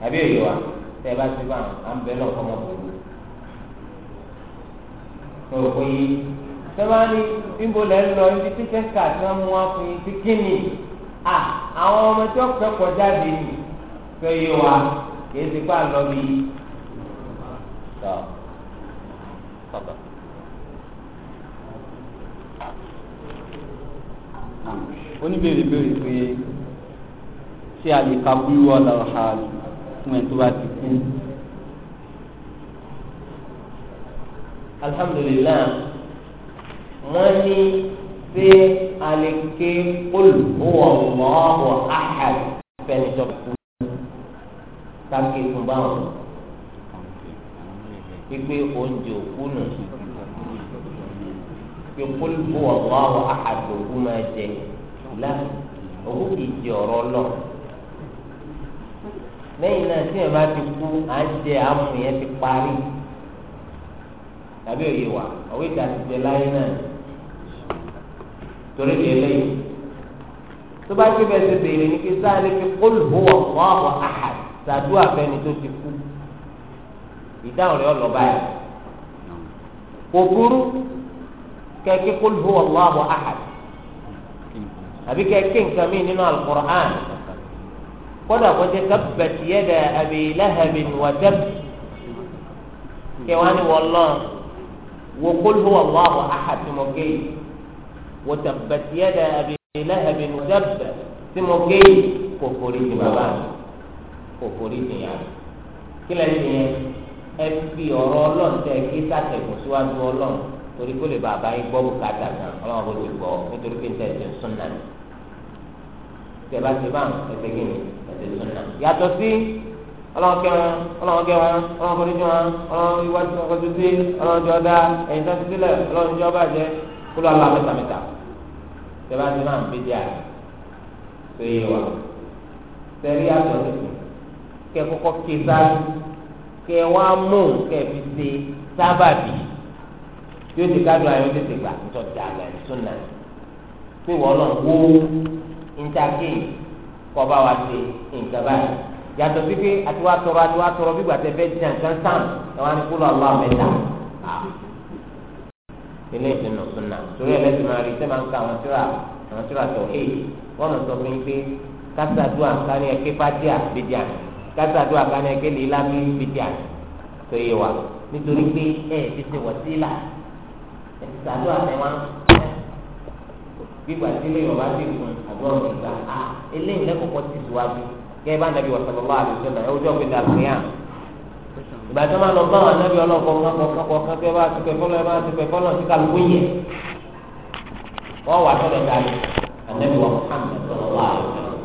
àbí òye wa tẹ bá ti bá à ń bẹ lọ fọmọ bòlù òkò yìí tẹ bá ní níbo lẹ lọ ibi tí tẹsítà tí wọn mú wá fún yín ti kí ni à àwọn ọmọ tí wọn kẹ́kọ̀ọ́ jáde nì tó yé wa kì í ti pa lọ bí oníbèrè bèrè pé tí a lè ka wíwọ́ ọ̀làwọ̀ hàlù fún ẹ̀ tó bá ti kú. alhamdulilayi wọ́n ní pé a lè ké olùwọ̀wọ̀ ahad fẹ́ni tó kú káké fún báwọn pípé oúnjẹ òkú nù pé olùwọ̀wọ̀ ahad òkú máa jẹ láti òkú kìí jẹ ọ̀rọ̀ náà lẹ́yìn náà tí yẹn bá ti kú à ń jẹ àmú yẹn ti parí tàbí òye wà ọ̀wé ìta ti jẹ láyé náà torí lè lẹ́yìn tó bá ti bẹ̀ ṣe béèrè ní kí sáré fi qul huwa Allahu ahad ṣàdúrà fẹ́ni tó ti kú ìdáhùn rẹ̀ ọ̀lọ́ báyìí kò burú kẹ́kẹ́ qul huwa Allahu àbí kẹ́kẹ́ nǹkan mí nínú al-Qur'an kódà kó jẹ́ kábàtì yẹ́dà àbí láhàbìn wàdàbì kẹwàá ni wọ́n lọ wò kólú wà wàhù àhàtìmọ̀gé wò tàbàtì yẹ́dà àbí láhàbìn wàdàbì tìmọ̀gé kò forí ti bàbá kò forí ti yàrá kílẹ̀ ní ẹ fi ọ̀rọ̀ ọlọ́run kí sàtẹ̀kùn síwájú ọlọ́run torí kó lè bàbá yín gbọ́ bùkátà kan ọlọ́run kò lè gbọ́ nítorí pé ń tẹ̀sí sún náà tẹ̀ bá ti yàtọ̀ sí ọlọ́run kẹ́ wọn ọlọ́run kẹ́ wọn ọlọ́run kọ́ni jọ wọn ọlọ́run iwájú wọn kọ́ni sí ọlọ́run jọ dá ẹ̀yìn tó ti sílẹ̀ ọlọ́run jọ bàjẹ́ kó lọ́ọ́ lọ́ọ́ mẹ́ta mẹ́ta tẹ́lá ti máa ń bí díà tó yé wa tẹ́lí yàtọ̀ sí kẹ́ kọ́kọ́ ké sáré kẹ́ wá mú kẹ́ fi ṣe sábàbí tí ó ti kádùn ayọ̀ tètè gbà ń tọ́ da àgbà pé wọ́n lọ kọ́ bá wa ṣe nǹkan báyìí yàtọ̀ sí pé àti wàá tọrọ àti wàá tọrọ bígbà tẹ fẹ́ jìnnà kan sàn ẹ wá ní kó lọ àwọn mẹ́ta ilé ìdènà sunna torí ẹ lẹsìn máa rí sẹ máa ń ka àwọn tíra àwọn tíra tó hé wọn mọ sọ fún yín pé kásádùá kání ẹkẹ fàdíà bìdí àná kásádùá kání ẹkẹ lìlá mi bìdí àná tó yé wa nítorí pé ẹ ti sílà ẹ gbígbà tí lẹ́yìn ọba ti kùn àdúrà òní gbà á eléyìí lẹ́kọ̀ọ́kọ́ ti síwájú gẹ́gẹ́ bá nàbí wàsàn lọ́wọ́ àdúgbò náà ẹ̀wọ́jọ́ pé dàgbéyàn. ìgbà tí wọ́n lọ bá wọn nàbí ọlọ́kọ̀ kọ́kọ́ kẹ́kẹ́ bá ti pẹ́ fọ́lọ́ bá ti pẹ́ fọ́lọ́ sí kálukú yẹ. wọ́n wà sọ́dọ̀ dàlú ànábì wà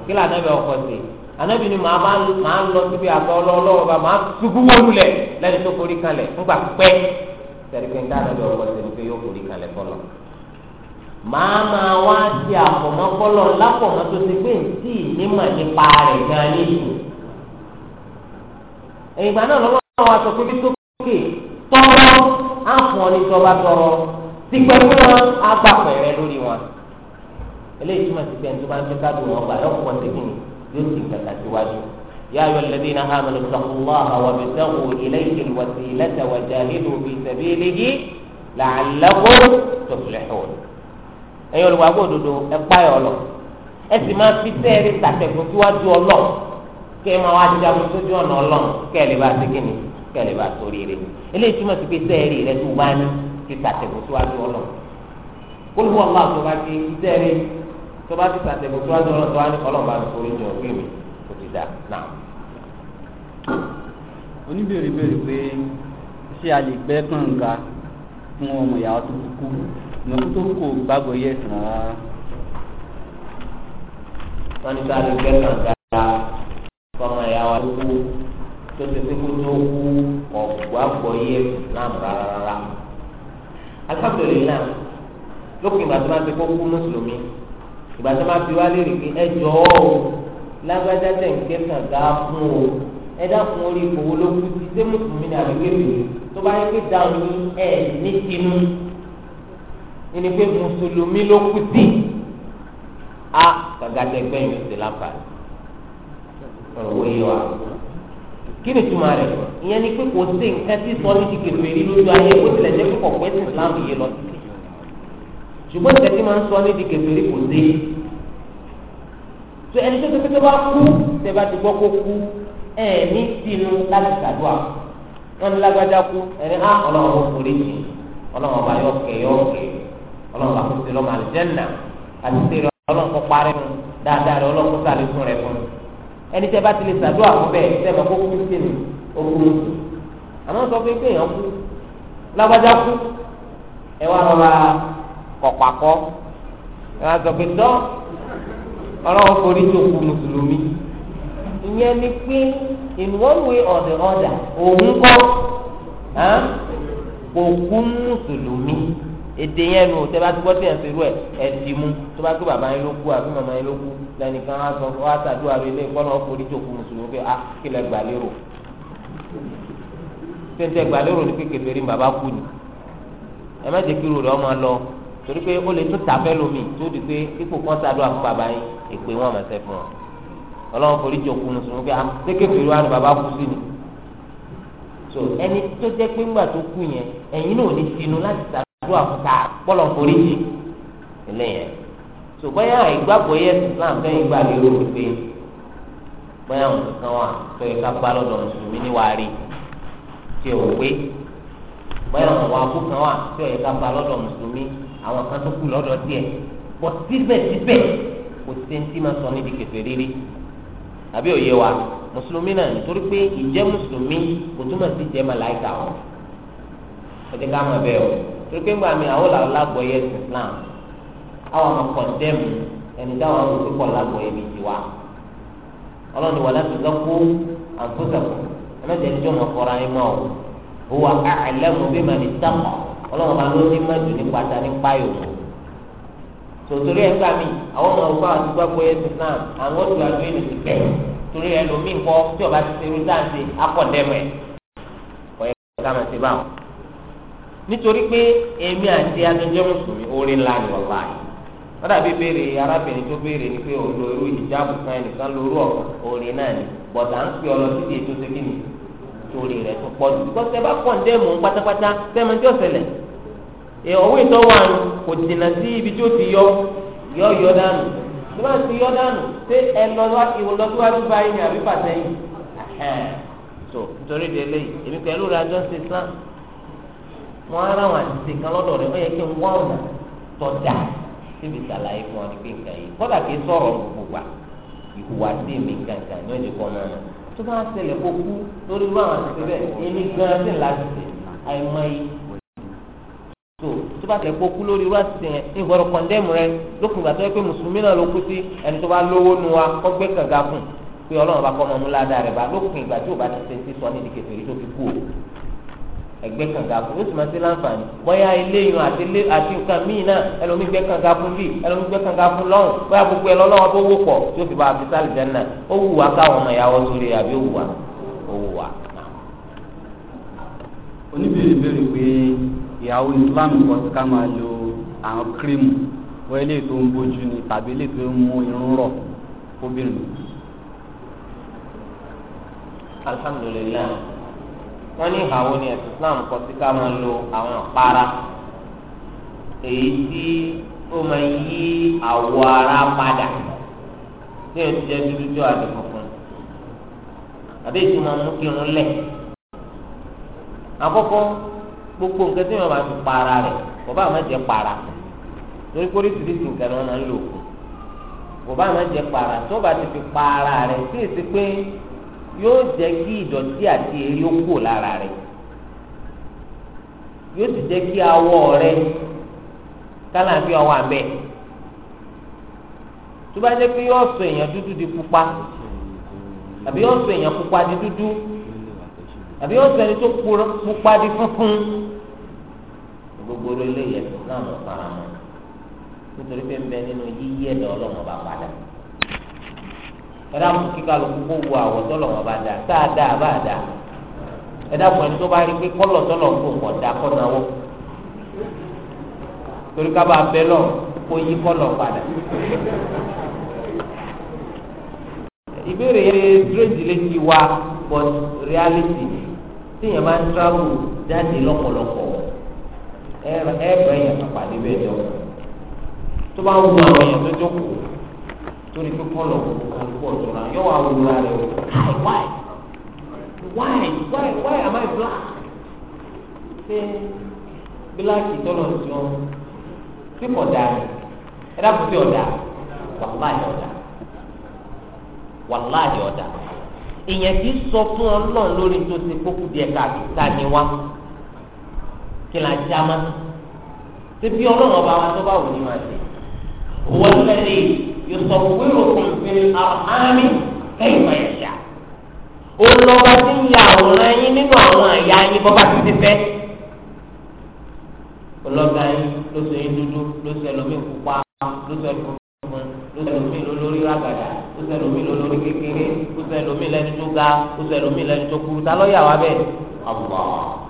kí lè ànábì ọkọ̀ sí ànábì ni màá máa ń lọ síbi àtọ́ ọlọ́wọ́ bá máa ṣubú wọlulẹ̀ lẹ́ni tó forí kalẹ̀ ńgbà pẹ́ sẹ́ni pé ń dá ànábì ọkọ̀ sí ni pé yóò forí kalẹ̀ fọlọ́ màá máa wá ti àpọ̀mọ́kọ́lọ̀ lápọ̀mọ́ tó ti gbé ntí nímọ̀ nípa rẹ̀ gan níbi. ìgbà náà lọ́wọ́ wa sọ pé bí sókè tọ́rọ́ àfọ̀n ní tọ́ba tọrọ ti pẹ̀lú wọn agbápẹ̀ rẹ lórí wọn. eléyìí túmọ̀ sí pé ẹni tó bá ń fi káàdùn wọn gbà yóò pọ̀ síbi yóò sì kàkà síwájú. يا أيها الذين آمنوا اتقوا الله وابتغوا إليه الوسيلة وجاهدوا في سبيله لعلكم ẹ̀yin olùwàgbọ́ òdodo ẹ páyọ̀ ọlọ ẹ sì máa fi sẹ́ẹ̀rì sàtẹ̀kùn síwájú ọlọ kẹ́ ẹ máa wá jagun sójú ọ̀nà ọlọ́run kẹ́ ẹ lè bá ṣe kíni kẹ́ ẹ lè bá sórí rẹ eléyìí túmọ̀ sí pé sẹ́ẹ̀rì rẹ tó wá ní ti sàtẹ̀kùn síwájú ọlọ kólú wọn bá tó bá ti sẹ́ẹ̀rì tó bá ti sàtẹ̀kùn síwájú ọlọ tó wá ní ọlọ́run bá sórí jọ pé mi kò ti dà náà. oníbèrè bèrè pé ṣé a lè gbẹ́ kànga fún ọmọ ìyàwó tó kú ìmọ̀tò tó kò gbàgbọ́ yẹ sàn án. wọ́n ní sáré gbẹ́sàn dára fọmọ ẹ̀yà wa kú tó ti pé kó tó kú ọ̀gbọ́ àgbọ̀ yẹ náà rárá. asábẹ̀rẹ̀ náà lókè ìgbà tó máa ti kó kú mùsùlùmí ìgbà tó máa fi wá lérè pé ẹ jọ ọ́ o lágbájá tẹ̀ ń kẹ́sàn dáa fún o ẹ dákun orí ìfowó ló kú sí sẹ́mùsùlùmí ni àbí kébìrì tó bá yẹ pé dáhùn ní ẹ̀ ní tinú ẹni pé mùsùlùmí ló kú sí a gàgàtà ẹgbẹ́ yìí ṣe láǹfààní ọ̀rọ̀ wo yé wa kí ni túmọ̀ rẹ̀ ìyẹn ni pé kò sí nǹkan tí sọ ní ti kẹfẹ́ rí lójú ayé ó tilẹ̀ jẹ́ pípọ̀ pé sí Islam yé lọ sí ṣùgbọ́n ìṣẹ́ tí máa ń sọ ní ti kẹfẹ́ rí kò sí tó ẹni tó tẹ́tẹ́ tó bá kú tẹ́ bá ti gbọ́ kó kú ẹ̀ẹ́mí sínú láti ṣàdúrà wọn ní lágbájá kú ẹni á ah, ọlọ́run kò lè ṣe ọlọ́run ọba yọ kẹ yọ kẹ ọlọ́run bá kúti lọ́mọ àlùjẹ́nà àtúnṣe rẹ ọlọ́run kó parí mu dáadáa rẹ ọlọ́run kó fún rẹ fún ẹni tẹ́ bá ti lè sàdúrà fún bẹ́ẹ̀ tẹ́ mọ̀ kó kú sí mi ó kú àmọ́ sọ pé kéèyàn kú lágbájá kú ẹ wá rọra kọ̀pàkọ́ ẹ wá sọ pé tọ́ ọlọ́run forí tó kú mùsùlùmí ìyẹn ni pé in one way or the other òun kọ́ kò kú mùsùlùmí èdè yẹn nu tẹ bá ti gbọ́ tẹ̀yàn serú ẹ̀ ẹ̀ dì mú tó bá tó bàbá yín ló kú àbí màmá yín ló kú lẹ́nìkan á sọ wá sàdúrà rẹ ilé ìkọ́nà ọkùnrin tó kú mùsùlùmí pé a ah, kílẹ̀ gbà lérò tẹ̀tẹ̀ gbà lérò ní kékeré bèrè bàbá kú ni ẹ má jẹ́ kí irú rẹ̀ ọmọ lọ torí pé ó lè tún tàfẹ́ lómi tó di pé kíkó kan sàdúrà fún bàbá yín èpè wọn mọ̀ sẹ́ fún ọ ọlọ́run forí jọ kú mùsùlùmí pé a ah, kékeré wa ni bàbá kú sí ni so ẹni tó jẹ́ pé ńgbà tó kú yẹn ẹ̀yin náà ṣàdúrà fún ta bọ́lọ̀ forí jì ilé yẹn tó bóyá ìgbàgbọ́ yẹ Islam fẹ́ ìgbà lérò wípé bóyá àwọn kankan wà tó yẹ ká bá lọ́dọ̀ mùsùlùmí níwárí tí ò pé bóyá àwọn àwọn akó kan wà tó yẹ ká bá lọ́dọ̀ mùsùlùmí àwọn kan tó kù lọ́dọ̀ tiẹ̀ bọ́ síbẹ̀síbẹ̀ kò sí ní tí máa sọ níbi kẹfẹ́ rírí àbí òye wa mùsùlùmí náà nítorí pé ìjẹ́ mùsùlùmí kò túmọ̀ sí jẹ́ màláìka ọ̀ ẹ̀ pé ńgbà mi àwọn làwọn lágbọ̀ yẹ Islam àwọn ọmọ kọ̀ndẹ́mù ẹni táwọn ọmọ tó pọ̀ lágbọ̀ yẹ mi ti wá ọlọ́ni wàlá ti lọ́kú àǹfóṣàkó ẹ̀mẹ́tẹ̀ ẹni tí wọ́n kọ́ra ẹ̀ mọ́ o wà á àlẹ́mú bí màmí sábà ọlọ́run máa ló ní mẹ́jù nípa ta nípa yòókù tòtòrí ẹ̀ka mi àwọn ọmọ ọgbà àti gbàgbọ́ yẹ Islam àwọn tó àdó ẹni ti bẹ̀ torí ẹlòmíì kọ́ tí ọba ti ṣe irú dáǹsì akọ̀ndẹ́mù ẹ̀ kọ́ yẹ nítorí pé èmi àti adúnjẹ́ mùsùlùmí orin ńlá ni wọ́n láàyè wọ́n dàbí béèrè arábìnrin tó béèrè ni pé òun lo irú ìjáàbù kan ẹnìkan lo irú orin náà ni bọ̀dà ń pè ọ lọ sí ètò ṣe kí ni torí rẹ̀ tó pọ̀ jù bíkọ́sì ẹ bá pọ̀ ní dẹ́mu pátápátá sẹ́mi tí ó ṣẹlẹ̀ ọwọ́ ìtọ́wọ́ àrùn kò jìnnà sí ibi tí ó ti yọ yọ yọ dànù tí wọ́n ti yọ dànù pé ẹ lọ ni àbí pàtẹ́yìn so nítorí délé èmi pẹ̀lú rẹ̀ adjọ́ ṣe wọn ara wọn àtìsí kan lọ́dọ̀ rẹ̀ wọ́n yẹ kí wọ́n ọ̀nà tọ́jà síbi sàlàyé fún ọ ní pé nǹkan yìí kọ́dà kì í gbogbo wa ìhùwà sí mi gàgà ní ọjọ́ kan náà tó bá ń ṣẹlẹ̀ kó kú lórí irú àwọn àtìsí bẹ́ẹ̀ ẹni gan sí láti ṣe àìmọye tó tó bá ṣẹlẹ̀ kó kú lórí irú àtìsí yẹn ní ìgbọ́dọ̀ kọ́ndẹ́mù rẹ lókun ìgbà pé mùsùlùmí náà ló kú sí ẹni tó bá lówó nu wa kọ́ gbé kànga fún pé ọlọ́run bá kọ́ ọmọ mú ládàá rẹ̀ bá lókun ìgbà tí ò bá ti ṣe sísọ ní ìdíkẹ̀fẹ̀ ẹgbẹ́ kànga fún yóò sì máa ṣe láǹfààní bóyá eléyìn àti ilé àti nǹkan míì náà ẹlòmíì gbẹ́ kànga fún bíi ẹlòmíì gbẹ́ kànga fún lọ́hùn bóyá gbogbo ẹ lọ́wọ́ bó wò pọ̀ tí ó fi bá a fi sálì jẹ́ náà ó wù wá káwọn ọmọ ìyàwó sórí àbí ó wù wá ó wù wá. oníbèrè béèrè pé ìyàwó Islam kọ sí ká máa lo àwọn kírìmù wọ ilé tó ń bójú ni tàbí ilé tó ń mú irun rọ̀ fóbìnrin. alhamdulilayi wọ́n ní ìhàwọ́ ni ẹ̀sìn Islam kọ sí ká máa lo àwọn ọ̀pára èyí tí ó máa yí àwọ̀ ara padà tí o ti jẹ́ dúdú tó àti funfun àbí èyí tó máa mú lẹ̀ àkọ́kọ́ gbogbo nǹkan tí wọ́n máa fi para rẹ̀ bàbá jẹ́ para torí pé oríṣiríṣi nǹkan ni wọ́n máa ń ti para rẹ̀ sí yóò jẹ́ kí ìdọ̀tí àti èrí kù lára yóò sì kí awọ rẹ̀ kálàfíà wà bẹ́ẹ̀ tó bá pé sọ èèyàn dúdú di pupa àbí yóò sọ èèyàn pupa di dúdú àbí yóò sọ ẹni tó pupa di funfun gbogbo eléyìí ẹ̀sìn náà fara mọ́ nítorí pé ń bẹ nínú yíyí ẹ̀dọ̀ ọlọ́mọba padà. ẹ̀dá mú kíkà ló kókó wo àwọ̀ tọ́lọ̀ wọn bá dà tá a dà a bá a dà ẹ̀dá mú ẹni tó bá rí pé kọ́lọ̀ tọ́lọ̀ ń kó wọn dà kọ́ náwó torí ká bá bẹ́ lọ kó yí kọ́lọ̀ padà. ìbéèrè yẹn straight létí wa but reality tíyẹn máa ń travel jáde lọ́pọ̀lọpọ̀ ẹ̀ẹ́dẹ̀ẹ́yẹn pàpàdé bẹ́ẹ̀ jọ tó bá ń wù àwọn èèyàn tó jókòó torí pé kọlọ kálukú ọ̀tọ̀ra yóò wá wúra rẹ o why why why why am I black ṣé bíláàkì tọ́lọ̀ sí wọn sí kọ̀dà ni ẹ dákun sí ọ̀dà wàláhì ọ̀dà wàláhì ọ̀dà èèyàn kì í sọ fún ọlọ́run lórí tó ṣe kókó díẹ̀ káàkiri ta ni wá kí la já má ṣé bí ọlọ́run ọba wa tó bá wù ní máa ṣe wọ́n lẹ́yìn yusawwirukum fil arhami kayfa yasha olọba ti ń ya àwòrán yín nínú àwọn àyà yín bọ́bá ti ti fẹ́ olọba yín ló sọ yín dúdú ló sọ ẹlòmíín pupa ló sọ ẹlòmíín pupa ló sọ ẹlòmíín lólórí rágbàdà ló sọ ẹlòmíín lólórí kékeré ló sọ ẹlòmíín lẹni tó ga ló sọ ẹlòmíín lẹni tó kúrú ta lọ́ọ́yà wa bẹ́ẹ̀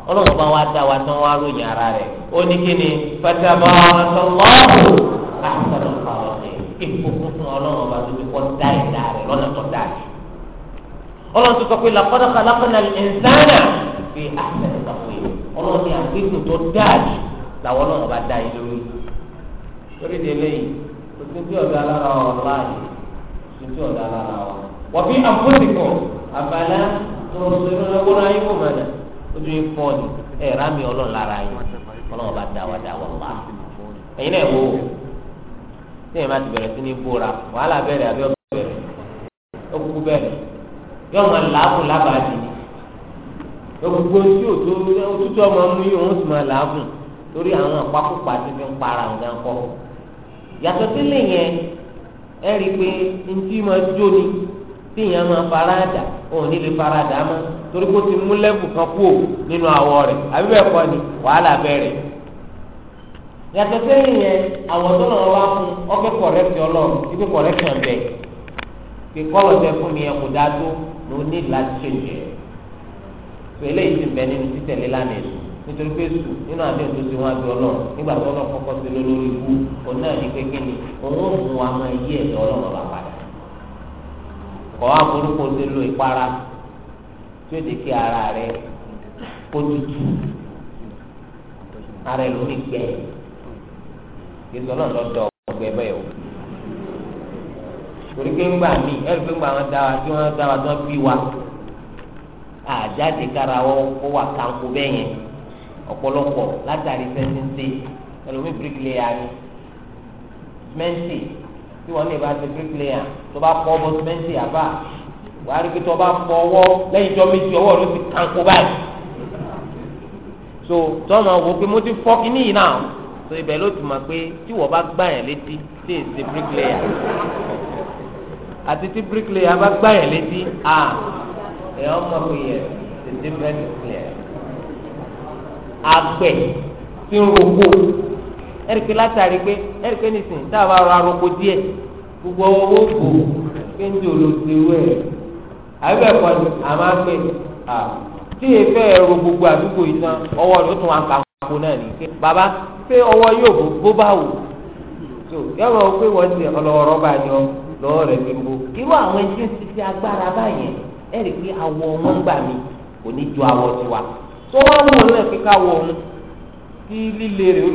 ọlọ́run bá wa dá wa tán wá ròyìn ara rẹ̀ ó ní kí ni fatabarakallahu ahsanu ọlọ́run tó sọ pé laqad khalaqnal insana fi ahsani taqwim ọlọ́run ní àgbégbò tó dáàbì làwọn ọlọ́run bá dá yín lórí. lórí délé yìí kò sí tí ọ̀dọ́ alára wọn láàyè kò sí tí ọ̀dọ́ alára wọn. wọ́n fi àfọ́sìkọ̀ àbálá tó ń sọ ìrora kò mọ̀nà ojú ẹ̀ rámi ọlọ́run lára yín ọlọ́run bá dá wá. ẹ̀yin náà wò yóò máa làágùn lábàdì gbogbo tí o tó òtútù ọmọ mú yìí òun máa làágùn torí àwọn àpapọ̀pá ti fi ń para nǹkan kọ́ yàtọ̀ sílẹ̀ yẹn ẹ rí i pé máa tí máa fara dà òun ní lè fara mọ́ torí kó ti mú lẹ́bù kan kú nínú àwọ̀ rẹ̀ àbí bẹ́ẹ̀ kọ́ ni wàhálà bẹ̀rẹ̀ yàtọ̀ yẹn àwọn tó náà wá fún ọlọ́run kí kọ́lọ̀ tẹ ló ní láti ṣe ìjẹ tó eléyìí ti bẹ nínú títẹ̀lé lánàá èso nítorí pé sùn nínú àbẹ tó wọn àbí Ọlọ́run nígbà tó Ọlọ́run kọ́kọ́ sí lórí ikú òun náà ní pé kíni òun ò mú wa máa yí ẹ̀dọ́ Ọlọ́run ọba padà kọ́ ti lo ìpara tí kí ara rẹ kó tutù ara gbẹ ọgbẹ bẹ́ẹ̀ o. torí pé ńgbà mí ẹ̀rí pé ńgbà wọn dá wa tí wọ́n dá wa tí wọ́n bí wa àjáde kára wọn kó wà kanko bẹ́ẹ̀ yẹn ọ̀pọ̀lọpọ̀ látàrí sẹ́ńtẹ́ńtẹ́ ẹlòmíì bíríkìlẹ̀yà ni sìmẹ́ǹtì tí wọ́n lè bá ti bíríkìlẹ̀yà tó bá kọ́ bọ́ sìmẹ́ǹtì àbá wàá rí pé tó bá fọ ọwọ́ lẹ́yìn tó méjì ọwọ́ ló ti kanko báyìí so tọ́mọ wo pé mo ti fọ́ kínní yìí náà so ibẹ̀ ló ti mọ̀ pé tí wọ́n bá gbà yẹn létí tí èsì bíríkìlẹ̀yà àti tí bíríkìlì yà bá gbá yẹn létí à ẹ̀ ọmọ kò yẹ the different is clear. àgbẹ̀ ti ń roko ẹ̀ríkì látàrí pé ẹ̀ríkì nìsín tá a bá rọ aroko díẹ̀ gbogbo owó bò kéńtì olóṣèlú ẹ̀ àbẹ̀ kọ́ ni àmà pé à tí èèfẹ́ ẹ̀rọ gbogbo àdúgbò yìí tán ọwọ́ rẹ̀ ó tún wà ń kàkó náà ní ké bàbá pé ọwọ́ yóò bó bá wò so yọ̀rọ̀ pé wọ́n ti ọlọ́wọ́rọ́ bá yọ lọ́wọ́ rẹ̀ fi bo irú àwọn ẹni tí ti agbára báyẹn ẹ rí pé awọ wọn gbà mí kò ní ju awọ tiwa tó wá wù ú náà kíkà wọ líle rẹ̀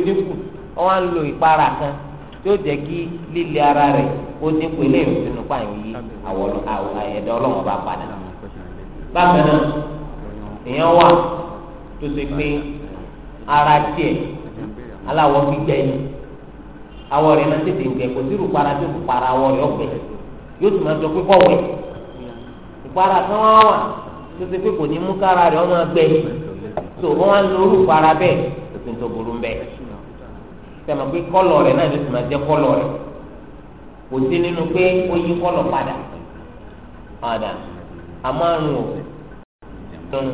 ó lo ìpara kan tí ó jẹ́ kí líle ara rẹ̀ ó dínkù eléyìí sínú pààyàn yìí àwọ̀ ẹ̀dá ọlọ́wọ́n bá padà bákan náà èèyàn wà tó ṣe pé ara tiẹ̀ aláwọ̀ gbígbẹ́ awọ rẹ̀ máa tètè gbẹ kò sí irú para tó kò para awọ rẹ̀ ọgbẹ yóò tún máa jọ pé kọwẹ ìpara kan wá wà tó ṣe pé kò ní mú kára rẹ̀ ọmọ gbẹ tó wọn á lo irú para bẹ́ẹ̀ tó ti ń tó burú bẹ́ẹ̀ sẹmọ pé kọlọ rẹ̀ náà ló ti máa jẹ kọlọ rẹ̀ kò sí nínú pé ó yí kọlọ padà padà àmọ́ àrùn ò tó ń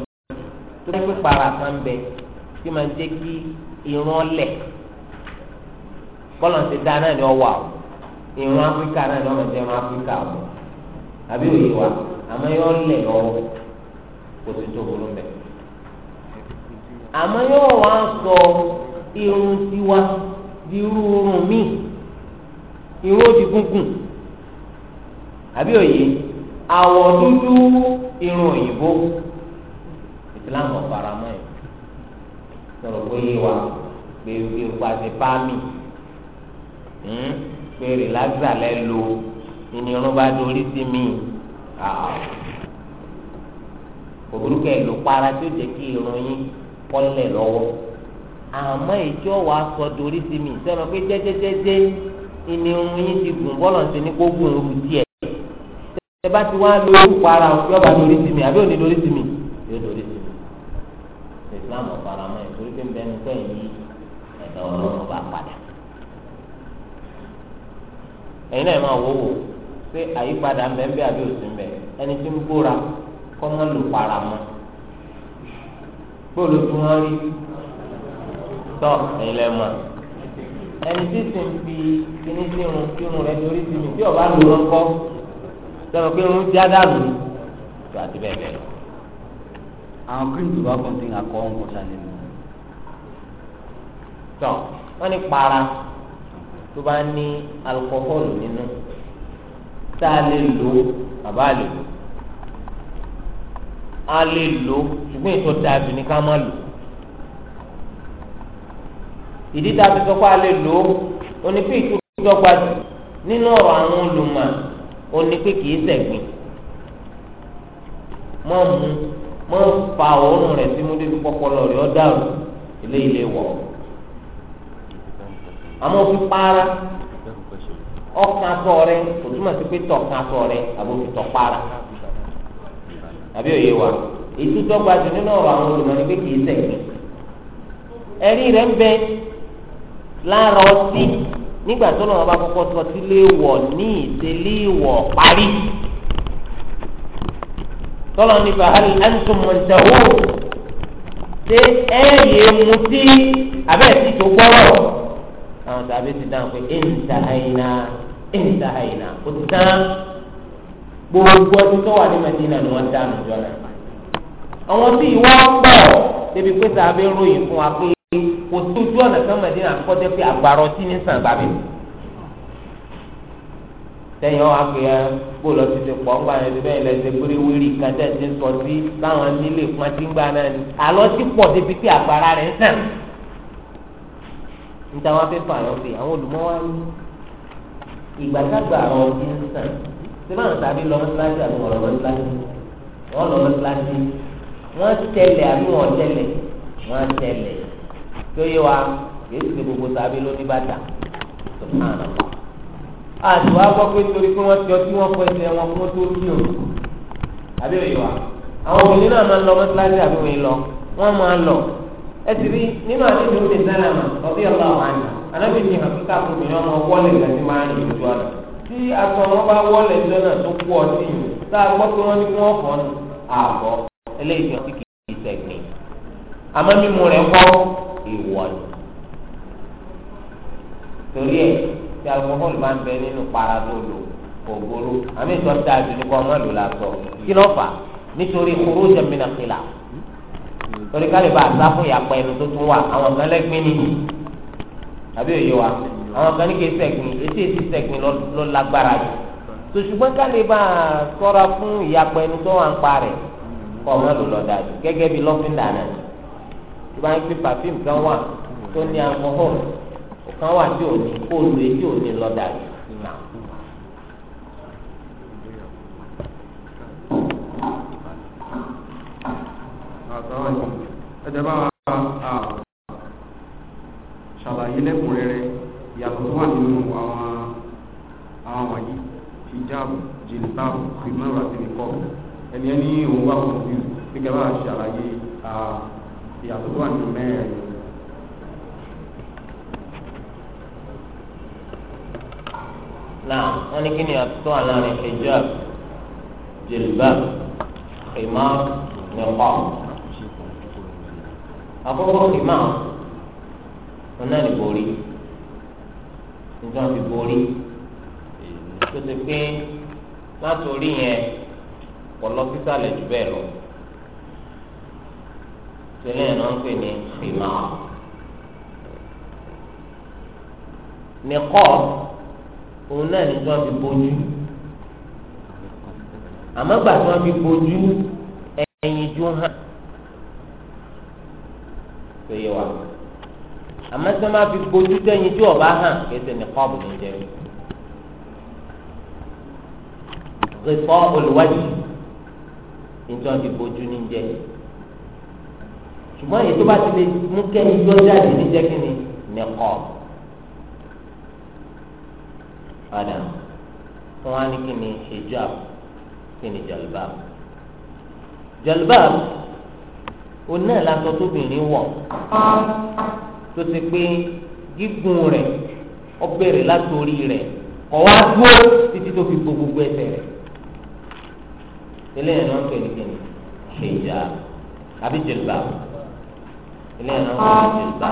tó ń pè para kan bẹ tí máa jẹ kí irun ọlẹ. bọ́lọ̀ ti da náà ni ọ wà o ìran náà ni ọmọ ti àbí òye wa àmọ́ yọ lẹ̀ lọ kò sì tó burú mẹ́. àmọ́ yọ sọ irun tiwa di irun ti gúngùn àbí òye dúdú irun òyìnbó ọ̀faramọ́ sọ̀rọ̀ pé yé wa ipa ti bá mi. Hmm? pé rìláxà lẹ lo ìnirun bá dorí sí mi òbúrúkọ ẹ lò para tí ó jẹ kí irun yín kọlẹ lọ́wọ́ àmọ́ ìjọ wa sọ dorí sí mi sẹnu pé jẹjẹjẹjẹ ìnirun yín ti gùn bọlọ sí ní kó gùn oru tiẹ̀ tẹ bá ti wá lórí para yọba dorí sí mi àbí òní dorí sí mi. ẹ̀yin náà máa wò wò pé àyípadà ń bẹ ń bẹ àbí òsì ń bẹ ẹni tí ń gbóra kọ́ mọ́ lù para mọ́ bóòlù tí wọ́n rí tọ́ ẹ̀yin lẹ́ mọ̀ ẹni tí sì ń fi kíní sí irun kí irun rẹ̀ dorí sí mi tí ọba lù lọ kọ́ sọ̀rọ̀ pé irun ti á dàlù tó àti bẹ́ẹ̀ bẹ́ẹ̀ lọ. àwọn kírímù bá kàn sí akọ ọ̀hún kọ́ta nínú. tọ́ wọ́n ní para tó bá ní alukóhólù nínú tá a lè lò àbá lè lò a lè lò ṣùgbọ́n ètò dàbí ni ká má lò ìdí tá a fi sọ pé a lè lò ó ní pé ìtúndọ́gba nínú ọ̀rọ̀ àwọn olùmọ̀ ó ní pé kì í mọ́ mu mọ́ fa òórùn rẹ̀ sí mú débi pọ́pọ́lọ́ rẹ̀ ó dàrú ilé ilé wọ̀ ọ́ àmọ́ òfin para ọkàn aṣọ rẹ kò túmọ̀ sí pé tọ̀kan aṣọ rẹ àbòfin tọ̀ para àbí òye wa ètò dọ́gba jù nínú ọ̀rọ̀ àwọn olùmọ̀ ni pé kì í sẹ̀kì ẹ̀rí rẹ̀ ń bẹ lára ọtí nígbà tó lọ́wọ́ bá kọ́kọ́ sọ sí léèwọ̀ ní ìtẹ́léèwọ̀ parí tọ́lọ́ ní fàhálì ẹ̀ńtùm mọ̀ntàwó ṣé ẹ̀yẹ mutí abẹ́ẹ̀ tí tó gbọ́rọ̀ àwọn tàbí ti dáhùn pé ẹnìta àyìnà ẹnìta àyìnà ó ti tán gbogbo ọdún tó wà ní Madina ni wọ́n dáhùn jọ rẹ̀. àwọn tí ìwọ pọ̀ débi pé tàbí ròyìn fún wa pé kò sí ojú ọ̀nà kan Madina kọjá pé àgbàrọ̀ sí ní sàn gbàmí. sẹ́yìn wọn wá pé ẹ kó lọ sí ti pọ̀ ńgbà yẹn bẹ́ẹ̀ lẹ́sẹ̀ péré wíri kan sọ sí láwọn nílé pọ́ńtíngbà náà níta wọn fẹ́ fà yọ sí àwọn olùmọ́wá ní ìgbà dàgbà àwọn ọdún ń sàn ṣé báwọn tàbí lọ mọ́síláṣí àbí wọn lọ mọ́síláṣí wọn lọ mọ́síláṣí wọn tẹ̀lé àbí wọn tẹ̀lé wọn tẹ̀lé tó yé wa èyí ti gbogbo tàbí lóní bàtà tó kàn án lọ. àtùwọ́ akọ́ pé torí pé wọ́n ti ọtí wọn kọ́ ẹsẹ̀ wọn kó tó kí o àbí òye wa àwọn òní náà máa ń lọ mọ́síláṣí àbí wọn lọ wọ́n máa ń lọ ẹtìrí nínú àdéhùn ìwé sálàmà ọbí ọlá ọhánà anábì ní àkíkà kùnú ní ọmọ wọlé láti máa ń rìn ìjọ àná tí aṣọ wọn bá wọlé lọ́nà tó kú ọtí yìí tá a gbọ́ pé wọ́n ní wọ́n kàn ní àbọ̀ eléyìí tí wọ́n ti sẹ̀gbìn àmọ́ mímu rẹ̀ kọ́ ìwọ̀lù torí ẹ̀ tí alukóhólù máa ń bẹ nínú para tó lò ògbóró àmì ìtọ́jú àdúgbò ọmọ lò lásọ kí ló fà nítorí kúrú jẹ́mínà kíláà torí ká lè bá àṣà fún ìyàpá ẹnu tó tún wà àwọn kan lẹ́gbẹ́ nìyí àbí òye wa àwọn kan ní kí sẹ̀gbìn etí èsì sẹ̀gbìn ló lágbára jù tòṣùgbọ́n ká lè bá sọ́ra fún ìyàpá ẹnu tó wà ń pa rẹ̀ kọ́ ọmọ lò lọ́dà jù gẹ́gẹ́ bí lọ́fíńdà náà tí wọ́n á fi pàfíìmù kan wà tó ní alkohol kan wà tí ò ní kóòlù etí ò ní lọ́dà jù ẹ̀jẹ̀ bá ṣàlàyé lẹ́kùnrẹ́rẹ́ ìyàtọ̀ tó wà nínú àwọn àwọn wọ̀nyí hijab jilbab khimar àti nìkọ́ ẹni ẹni òun wà fún bí gẹ́gẹ́ bá ṣàlàyé ìyàtọ̀ tó wà nínú mẹ́rin náà àkọ́kọ́ ìmọ̀ wọn náà ní borí nígbà wọn fi borí tó ti pé láti orí yẹn kọ lọ sísàlẹ̀ jù bẹ́ẹ̀ lọ tẹ́lẹ̀ náà ń pè ní ìmọ̀ nìkọ́ òun náà ní tí fi bójú àmọ́ gbà tí wọ́n fi bójú ẹ̀yìn ju hàn ṣe yé wa àmọ́ tí wọ́n máa fi gbójú tẹ́yìn tí ọba hàn kéde ní kọ́ọ̀bù ní jẹ́ rìpọ́ olùwádìí ní tí wọ́n fi gbójú ní jẹ́ ṣùgbọ́n èyí tó bá ti lè mú kẹ́yìn tó jáde ní jẹ́ kí ni ní kọ́ọ̀bù padà wọ́n á ní kí ni hijab kí ni jalbab jalbab òun náà la sọ tóbìnrin wọ̀ tó ti pé gígùn rẹ̀ ọbẹ̀rẹ̀ látòrí rẹ̀ kọ̀ wá dúró títí tó fi bo gbogbo ẹsẹ̀ rẹ̀ eléyìí náà ń pè ní kíni ṣèjà àbí jìlbà eléyìí náà ń pè ní jìlbà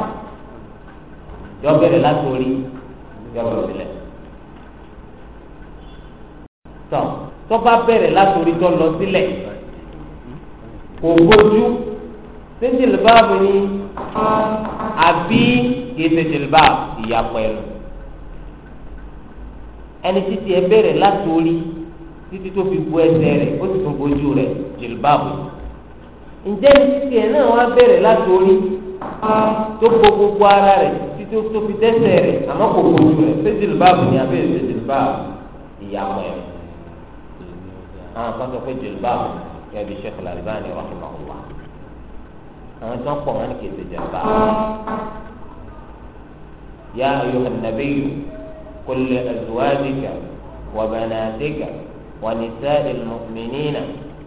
yọ bẹ̀rẹ̀ látòrí yọ bẹ̀rẹ̀ sílẹ̀ tọ́ tọ́ látòrí tó lọ sílẹ̀ kò bójú ṣé jìlbáàbù ni àbí kìí ṣe jìlbáàbù ìyàpọ̀ ẹ̀rù ẹni títí ẹ bẹ̀rẹ̀ láti orí títí tó fi bu ẹsẹ̀ rẹ̀ ó sì tún bojú rẹ̀ jìlbáàbù ǹjẹ́ ní títí ẹ náà wá bẹ̀rẹ̀ láti orí tó bo gbogbo ara rẹ̀ títí tó fi dẹ́sẹ̀ rẹ̀ àmọ́ kò bojú rẹ̀ ṣé jìlbáàbù ni àbí ṣe jìlbáàbù ìyàpọ̀ ẹ̀rù àwọn kan sọ pé jìlbáàbù yẹ bí Sheikh Al-Albani rahimahullah. أنا tó عنك pọ̀ يا أيها النبي قل لأزواجك وبناتك ونساء المؤمنين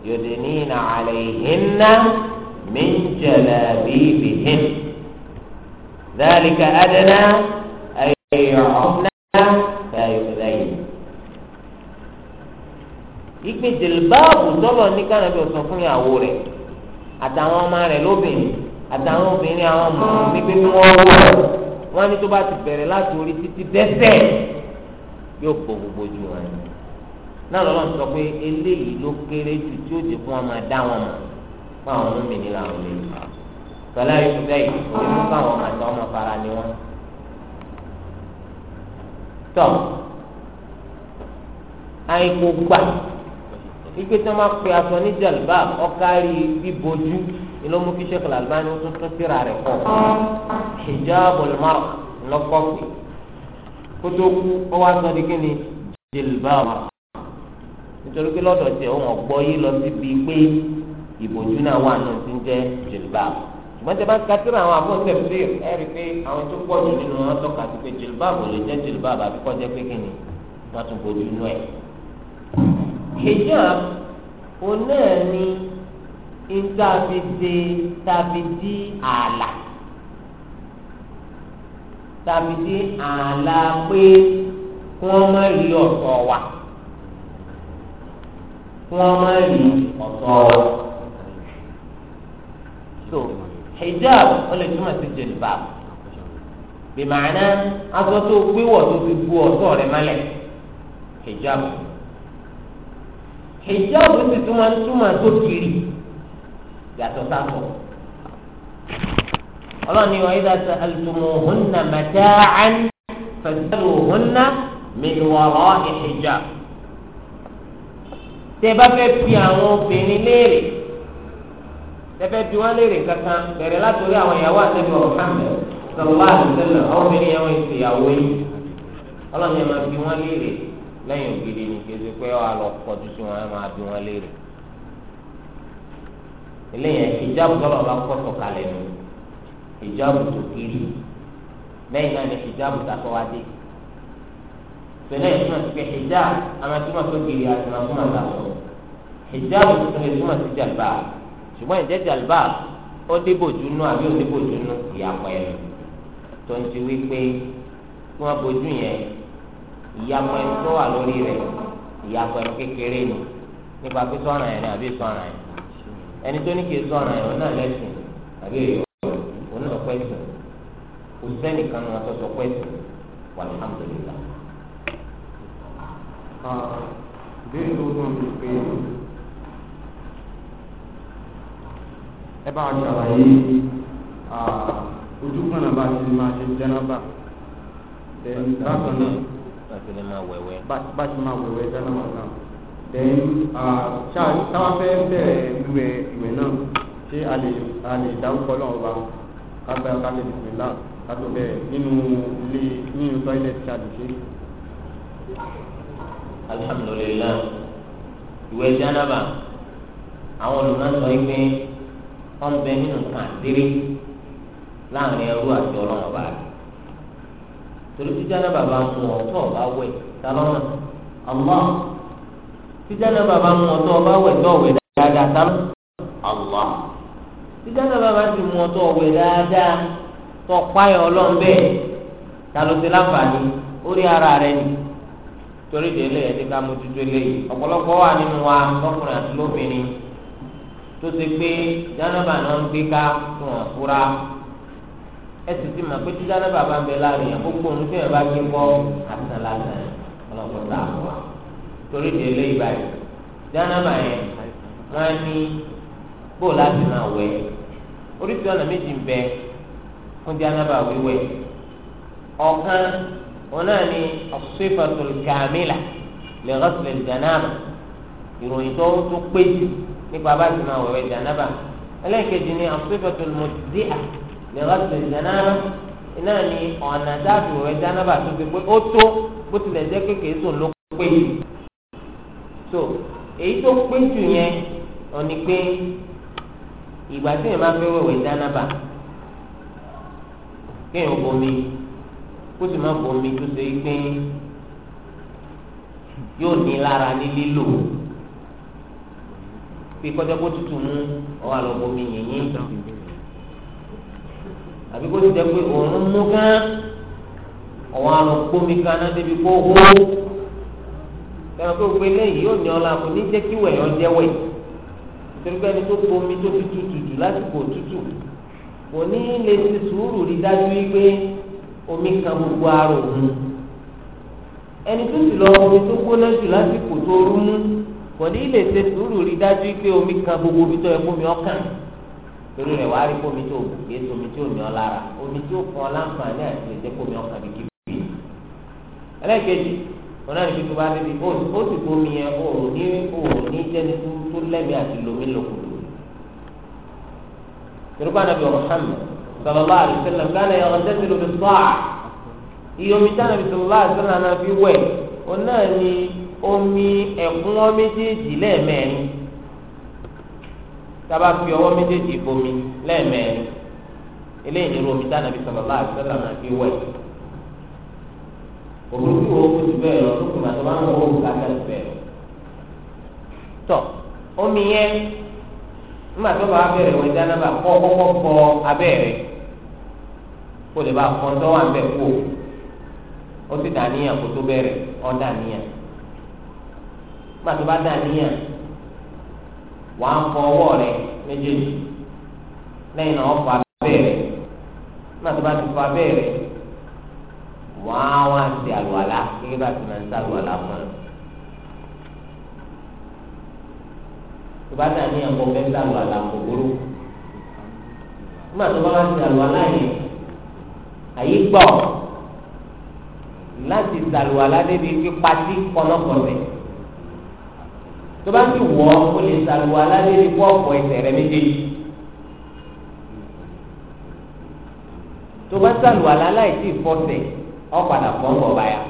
يدنين عليهن من جلابيبهن ذلك أدنى أن يعرفن فلا يؤذين ìpè jìlbáàbù tọ́lọ̀ ní kánábì ọ̀sán fún ìyàwó àtàwọn ọmọ rẹ̀ lóbìnrin àtàwọn obìnrin àwọn mùsùlùmí pé kí wọ́n wọ̀ wọ́n ní tó bá ti bẹ̀rẹ̀ láti orí títí dẹ́sẹ̀ yóò pọ̀ gbogbo jù wọn ni náà lọ́wọ́ sọ pé eléyìí ló kéré jù tí ó jẹ́ fún ọmọ dá wọn mọ̀ fún àwọn olómìnir làwọn lè fà tọ́lá yìí fún bẹ́ẹ̀ kò lè mú káwọn àti ọmọ fara ni wọn. tọ́ àìkú gbà ikpe tí wọn máa pe aṣọ ní jalba ọkàrí bíbojú ló mú kí Sheikh Al-Albani wọn tuntun síra rẹ̀ kọ hijabul mar'a lọkọ pé kótó kú ó wá sọ di kí ni jalba nítorí pé lọ́dọ̀ tẹ òun ọ̀gbọ́ yìí lọ síbi pé ìbòjú náà wà nù ti ń jẹ́ jalba ṣùgbọ́n tẹ bá kátìrì àwọn àbọ̀ tẹ̀sí ẹ rí i pé àwọn tó pọ̀ jù nínú wọn tọ́ka sí pé jalba kò lè jẹ́ jalba hijab oná ni ntàbídé tàbídí ààlà tàbídí ààlà pé kí wọ́n má rí ọ̀tọ̀ wa kí wọ́n má rí ọ̀tọ̀ wa so hijab ó lè túmọ̀ sí jilbab bí màánà aṣọ tó gbé wọ̀ tó fi bu ọ̀tọ̀ rẹ̀ mọ́lẹ̀ hijab hijabu ti tún máa ń túmọ̀ tó kiri yàtọ̀ sáfọ̀ ọlọ́ni wa idha sa'altumuhunna mata'an fas'aluhunna min wara'i hijab tẹ bá fẹ́ fi àwọn obìnrin léèrè tẹ fẹ́ fi wọ́n léèrè kankan bẹ̀rẹ̀ látòrí àwọn ìyàwó àtẹ̀bí Muhammad sallallahu alaihi wasallam àwọn obìnrin yẹn wọ́n ti ìyàwó yìí ọlọ́ni ẹ̀ máa fi wọ́n léèrè lẹ́yìn ògidì ní kéde pé ọ alọ kọjú sí wọn ẹ máa bí wọn léèrè eléyìí hijabu tọlọ bá kọsọ kalẹ̀ nù hijabu tó kiri lẹ́yìn náà ni hijabu tatọ wa dé tẹ́lẹ̀ ìtumọ̀ sí pé hijabu amatuma tó kiri àtúmọ̀tuma tatọ hijabu tó tẹ́lẹ̀ ìtumọ̀ sí jalba ṣùgbọ́n ìjẹ́ jalba ó dé bòjú nù àbí ó dé bòjú nù ìyàpọ̀ ẹ̀ tó ń ti wí pé kí wọ́n bójú yẹn ìyapọ̀ ẹni tó wà lórí rẹ̀ ìyapọ̀ ẹni kékeré ni nípa pé sọ̀ràn yẹn ni àbí sọ̀ràn yẹn ẹni tó ní kí sọ̀ràn yẹn òun náà lẹ́sìn àbí èèyàn òun náà pẹ́sìn kò sẹ́nìkan ni wọ́n tó sọ pẹ́sìn wàlúhàmdùlélà. ìbéèrè tó dùn mí pé ẹ bá ṣàlàyé ojú kan náà bá ti máa ṣe jẹ́ náà bá bákan náà láti lè máa wẹ̀wẹ́. bá ti máa wẹ̀wẹ́ dáná wà náà then ṣáà táwa fẹ́ bẹ̀rẹ̀ ìwẹ̀ ìwẹ̀ náà ṣé a lè a lè dárúkọ lọ́wọ́ wa kápẹ́ ká lè dìbò ńlá kátó bẹ̀rẹ̀ nínú ilé nínú toilet ṣáà lè ṣe. alhamdulilayi ìwẹ̀ jánábà àwọn olùmọ̀sọ yìí pé wọ́n bẹ nínú kàdírí láàrin ẹrú àti ọlọ́mọba rẹ̀ torí jíjá náà bàbá mú ọtọ ọba wẹ talọnà ọmọ jíjá náà bàbá mú ọtọ ọba wẹ tọwẹ dáadáa talọ ọmọ jíjá náà bàbá ti mú ọtọ ọwẹ dáadáa tọpáyọ ọlọmọbẹ talọsí láǹfààní orí ara rẹ ni torí délé ẹni ká mójútó eléyìí ọ̀pọ̀lọpọ̀ wà nínú wa lọ́kùnrin àti lóbìnrin tó ti pé jánàbà náà ń gbé ká fún ọ̀fúra ẹsì ti mà pé tíjà náà bàbá ń bẹ láàrin yẹn gbogbo òun tí yẹn bá gbé bọ àtàn lásán ọlọ́pàá tá a fọ torí di eléyìí báyìí jánábà yẹn wọn ní bó láti máa wẹ̀ oríṣi ọ̀nà méjì ń bẹ fún jánábà wíwẹ̀ ọ̀kan wọn náà ní as-sifatul kamila li ìròyìn tó tó pé jù nípa bá ti máa wẹ̀wẹ̀ jánábà ẹlẹ́ẹ̀kejì ní as-sifatul lẹ́rọ̀tì ìdánára iná ni ọ̀nà dáàbò rẹ̀ dánábà tó fi pé ó tó bó tilẹ̀ jẹ́ kékeré sùn ló pé so èyí tó pé jù yẹn ọ̀nì pé ìgbà tí èèyàn bá fẹ́ wẹ̀wẹ̀ dánábà kéèyàn bomi kó sì má bomi tó ṣe pé yóò ní lára ní lílò bí kọjá kó tutù mú ọ wà lọ bomi yìnyín àbí kó ti jẹ pé òun mú gán àwọn àrùn gbómi kaná débi kó hó tẹ̀lé pé gbogbo eléyìí yóò ní ọlá kò ní jẹ́ kí wẹ̀yàn jẹ́wẹ̀ torí pé ẹni tó gbomi tó fi tutù jù lásìkò òtútù kò ní lè ti sùúrù rí dájú wípé omi kan gbogbo ara òun ẹni tó sì lọ omi tó gbóná jù lásìkò tó rú mú kò ní lè ṣe sùúrù rí dájú wípé omi kan gbogbo omi tó yẹ fún mi ọkàn yìí torí rẹ̀ wàá rí kómi tó bù kí èso omi tí ò ní ọ lára omi tí ó fún ọ láǹfààní àti lè jẹ́ kómi ọkàn ní kíkì. ẹlẹ́kẹ̀jì wọn náà ní kíkọ́ bá débi ó sì tómi yẹn ó ní ó ní jẹ́ni tó lẹ́mìí àti lomi lòkùn. يرقى نبي محمد صلى الله عليه وسلم كان يغتسل بالطاعة يوم كان النبي صلى الله عليه وسلم أنا في وين قلنا أمي أقومي تجي لمن sábà fi ọwọ́ méjèèjì bomi lẹ́ẹ̀mẹ́rin eléyìí ni romi tá nàbí sọlọ bá àti sọlọ máa fi wẹ̀ òbúrúkú wo kó ti bẹ́ẹ̀ lọ tó kùnà tó máa ń wọ òkú kájà ti bẹ́ẹ̀ lọ. tọ omi yẹn nígbà tó bá bẹ̀rẹ̀ wẹ̀ jánábà kọ́ kọ́kọ́ fọ abẹ́rẹ́ kó lè bá fọ́n tó wà ń bẹ̀ kú ó sì dàníyàn kó tó bẹ̀rẹ̀ ọ́ dàníyàn nígbà tó bá dàníyàn wà á fọ ọwọ́ rẹ méjèèjì lẹ́yìn náà fọ abẹ́ rẹ náà tó bá ti fọ abẹ́ rẹ wà á wá sí àlùwàlá gẹ́gẹ́ bá ti máa ń sàlùwàlá fún un. tó bá dà ní ẹ̀kọ́ fẹ́ sàlùwàlá kò burú nígbà tó bá wá sí àlùwàlá yẹn àyè gbọ́ láti sàlùwàlá débi pípa sí kọ́nọ́kọ́nọ́ rẹ̀ tó bá ti wọ̀ ọ́ o lè sàlùwà alálẹ́ ní pọ́ọ̀pù ẹsẹ̀ rẹ méjèèjì tó bá sàlùwà alálẹ́ àìsí ìfọsẹ̀ ọ́ padà fọ́ọ̀mù báyà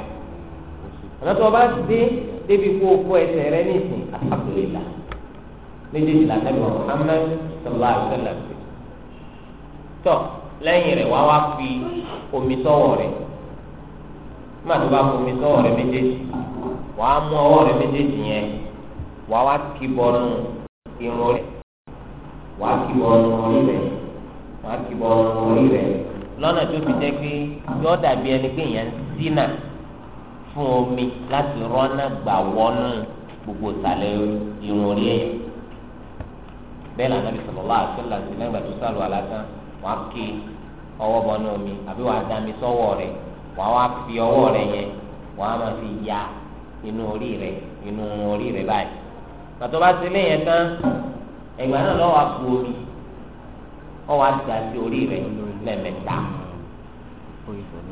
ọ̀nà tó bá dé débi kó o fọ ẹsẹ̀ rẹ ní ìsìn àtàkùnléla méjèèjì là nẹ́bí wọn amẹ́ sọlá àgbẹ̀lá sí tọ́ lẹ́yìn rẹ̀ wá wá fi omi sọ́wọ́ rẹ̀ má tó bá fi omi sọ́wọ́ rẹ̀ méjèèjì wàá mú ọwọ́ rẹ̀ méjèèjì yẹn wà wá kí bọ́nú irun rẹ̀ wà á kí bọ́nú orí rẹ̀ wà á kí bọ́nú orí rẹ̀ lọ́nà tó fi jẹ́ pé yóò dàbí ẹni pé èèyàn ń dínà fún omi láti rọ́nà gbà wọ́nú gbogbo ìsàlẹ̀ irun orí èèyàn bẹ́ẹ̀ lànà bí sọ̀rọ̀ àti láti tó sàlù àlàtàn wà á kí ọwọ́ bọ́nú omi àbí wà á dá mi sọ́wọ́ rẹ̀ wà á wá fi ọwọ́ rẹ̀ yẹn wà á máa fi ya inú orí rẹ̀ inú orí rẹ̀ báyìí pàtó bá ti léyìn tán ẹgbà náà lọ́wọ́ àpò omi ọwọ́ àdá sí orí rẹ̀ lẹ́ẹ̀mẹ́ta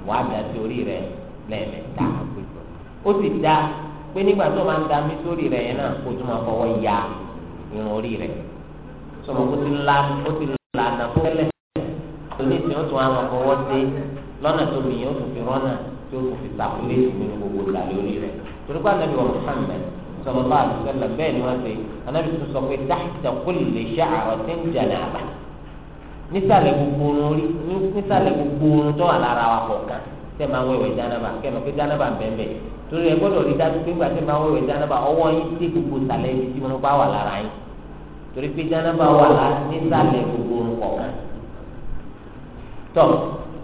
wọ́n àdá sí orí rẹ̀ lẹ́ẹ̀mẹ́ta ó sì dá pé nígbà tó máa ń da mí sórí rẹ̀ yẹn náà kó tó máa fọwọ́ ya irun orí rẹ̀ sọmọ kó ti la kó ti la nà kó tẹ́lẹ̀ lórí ìsìn ó tún á máa fọwọ́ dé lọ́nà tó mi yẹn ó tún fi rọ́nà tó fi sàkúlẹ̀ ìsìn nínú gbogbo ìlà lórí rẹ̀ torí pé àná ni wọ́n sọlọ́lá àdìsẹ́lẹ̀ bẹ́ẹ̀ ni wọ́n ṣe anábì tó sọ pé dáhìtà kó lè ṣe àrọ̀ tí ń jà náà bá nísàlẹ̀ gbogbo oorun orí nísàlẹ̀ gbogbo oorun tó wà lára wa kọ̀ọ̀kan tẹ́ máa wẹ̀wẹ̀ jánaba kẹ́nu pé jánaba bẹ́ẹ̀ torí ẹ gbọ́dọ̀ rí dájú pé ńgbà tẹ́ máa wẹ̀wẹ̀ jánaba ọwọ́ yín dé gbogbo sàlẹ̀ ibi tí wọn bá wà lára yín torí pé jánaba wà lára nísàlẹ̀ gbogbo oorun kọ̀ọ̀kan tọ́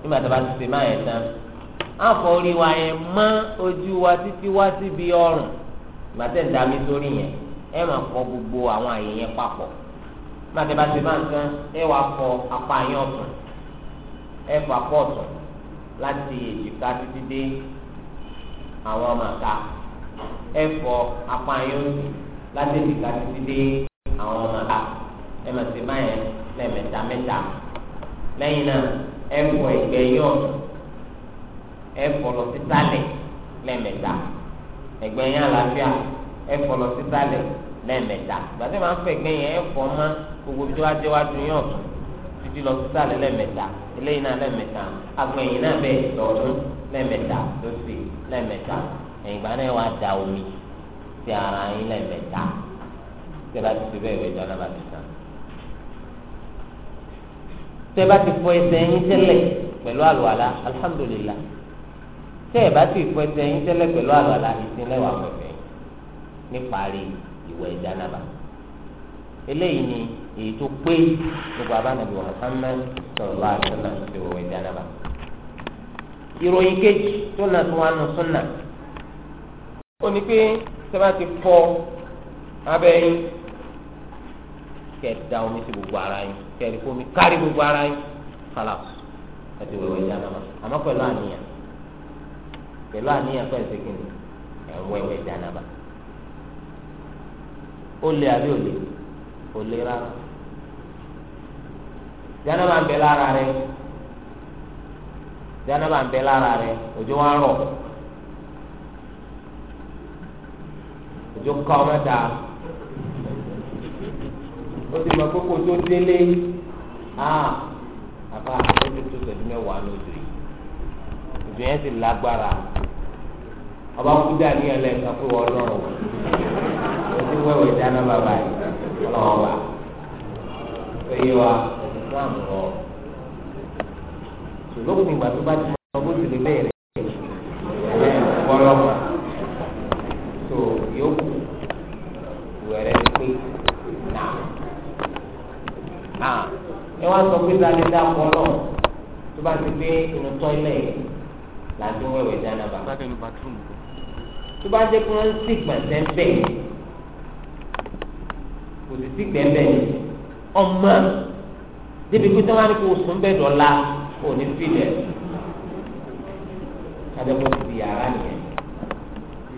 nígbà tó bá ti ṣe máa yẹn tán àfọ̀ orí wa yẹn mọ́ ojú wa títí wá síbi ọrùn gbàtẹ́ ń dami sórí yẹn ẹ máa kọ gbogbo àwọn àyè yẹn papọ̀ gbàtẹ́ bá ti máa ń tán ẹ wàá fọ apá yẹn ọ̀tún ẹ fọ apá ọ̀tún láti èjìká títí dé àwọn ọmọ àká ẹ fọ apá yẹn òsì láti èjìká títí dé àwọn ọmọ àká ẹ máa ti máa yẹn lẹ́ẹ̀mẹ́ta mẹ́ta lẹ́yìn náà ẹ fọ ẹgbẹ́ yẹn ọ̀tún ẹ fọ lọ sí sálẹ̀ lẹ́ẹ̀mẹ́ta ẹ̀gbẹ́ yẹn àlàáfíà ẹ̀fọ́ lọ sísàlẹ̀ lẹ́ẹ̀mẹ́ta gbàtí màá fẹ́ ẹ̀gbẹ́ yẹn ẹ̀fọ́ má gbogbo bí wàá jẹ́ wájú yẹn ọ̀tún títí lọ sísàlẹ̀ lẹ́ẹ̀mẹ́ta eléyìí náà lẹ́ẹ̀mẹ́ta agbẹ̀yìn náà bẹ́ẹ̀ tọ̀ọ̀tún lẹ́ẹ̀mẹ́ta lọ́sì lẹ́ẹ̀mẹ́ta ẹ̀yìngbà náà wàá da omi sí ara yín lẹ́ẹ̀mẹ́ta tẹ́lá ti fi bẹ́ẹ̀ wẹ̀jọ́ náà bá ti tán tẹ́lá ti fọ ẹsẹ̀ yín tẹ́lẹ̀ pẹ̀lú àlùwàlá alihamudulilayi tẹ́ ẹ̀ bá ti fọ ẹsẹ̀ yín tẹ́lẹ̀ pẹ̀lú àlọ́lá ìsinlẹ̀wà pẹ̀pẹ̀ níparí ìwẹ̀ ìdánaba eléyìí ni èyí tó pé gbogbo abánabi wa Muhammad sallallahu alaihi wasallam ti wọ̀ ìdánaba ìròyìn kejì tó nà tó wà nù súnà ó ní pé tẹ́ bá ti fọ abẹ́ yín kẹ́ ẹ̀ da omi sí gbogbo ara yín kẹ́ ẹ̀ rí omi kárí gbogbo ara yín kálá ẹ̀ ti wọ̀ ìdánaba àmọ́ pẹ̀lú àníyàn pẹ̀lú àníyàn pẹ̀ ṣèkìnnì ẹ̀wẹ̀wẹ̀ jànàbà ó lé àbí òlè kò lè rárá jànàbà ń bẹ lára rẹ jànàbà ń bẹ lára rẹ òjò wa rọ̀ òjò ká ọmọ dà ó ti mọ kókó tó délé ah àbá àti tó tó tẹ̀lé mẹ́wàá lójú yìí òjò yẹn ti lágbára ọba kú dà ní ẹlẹ́ka pé wọ́n lọ́rọ̀ o ti wẹ́wẹ́ dáná bàbá yìí ọlọ́wọ́ bá èyí wa islam lọ ṣùgbọ́n ìgbà tó bá ti mọ bó ti lè bẹ́ẹ̀rẹ̀ ọlọ́wọ́ tó yókù wẹ̀rẹ̀ pé nà ẹ wá sọ pé dáadé dá pọ̀ lọ tó bá ti dé inú tọ́ilẹ̀ yẹn làdúwẹ̀wẹ̀ dáná bàbá tó bá jẹ́ pé wọ́n ń sì gbọ̀nsẹ̀ bẹ́ẹ̀ kò sì sí gbẹ̀mbẹ̀ ni ọmọ débi pé táwọn o sùn bẹ́ẹ̀ dọ̀la kò ní fìlẹ̀ adẹ́kọ̀ ti di yàrá nìyẹn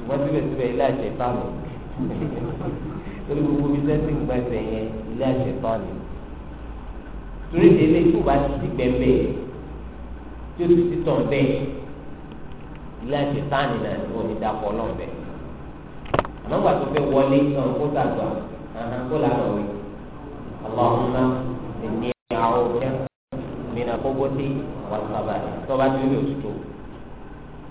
wọ́n síbẹ̀síbẹ̀ ilé àṣẹ báwọ̀ torí gbogbo bí sẹ́sìn gbẹ̀sẹ̀ yẹn ilé àṣẹ báwọ̀ torí délé tó bá ti sí gbẹ̀mbẹ̀ tó ti ti tàn bẹ́ẹ̀ ilé ẹsẹ táàní náà ni wọn ò ní dapò Ọlọ́run bẹ àmọ́ gbà tó fẹ́ wọlé ọrùn kó dàgbà kó lànà wí Allahumma inni a'udhu mina khubuthi wal khaba'ith tọba tó yẹ òtútù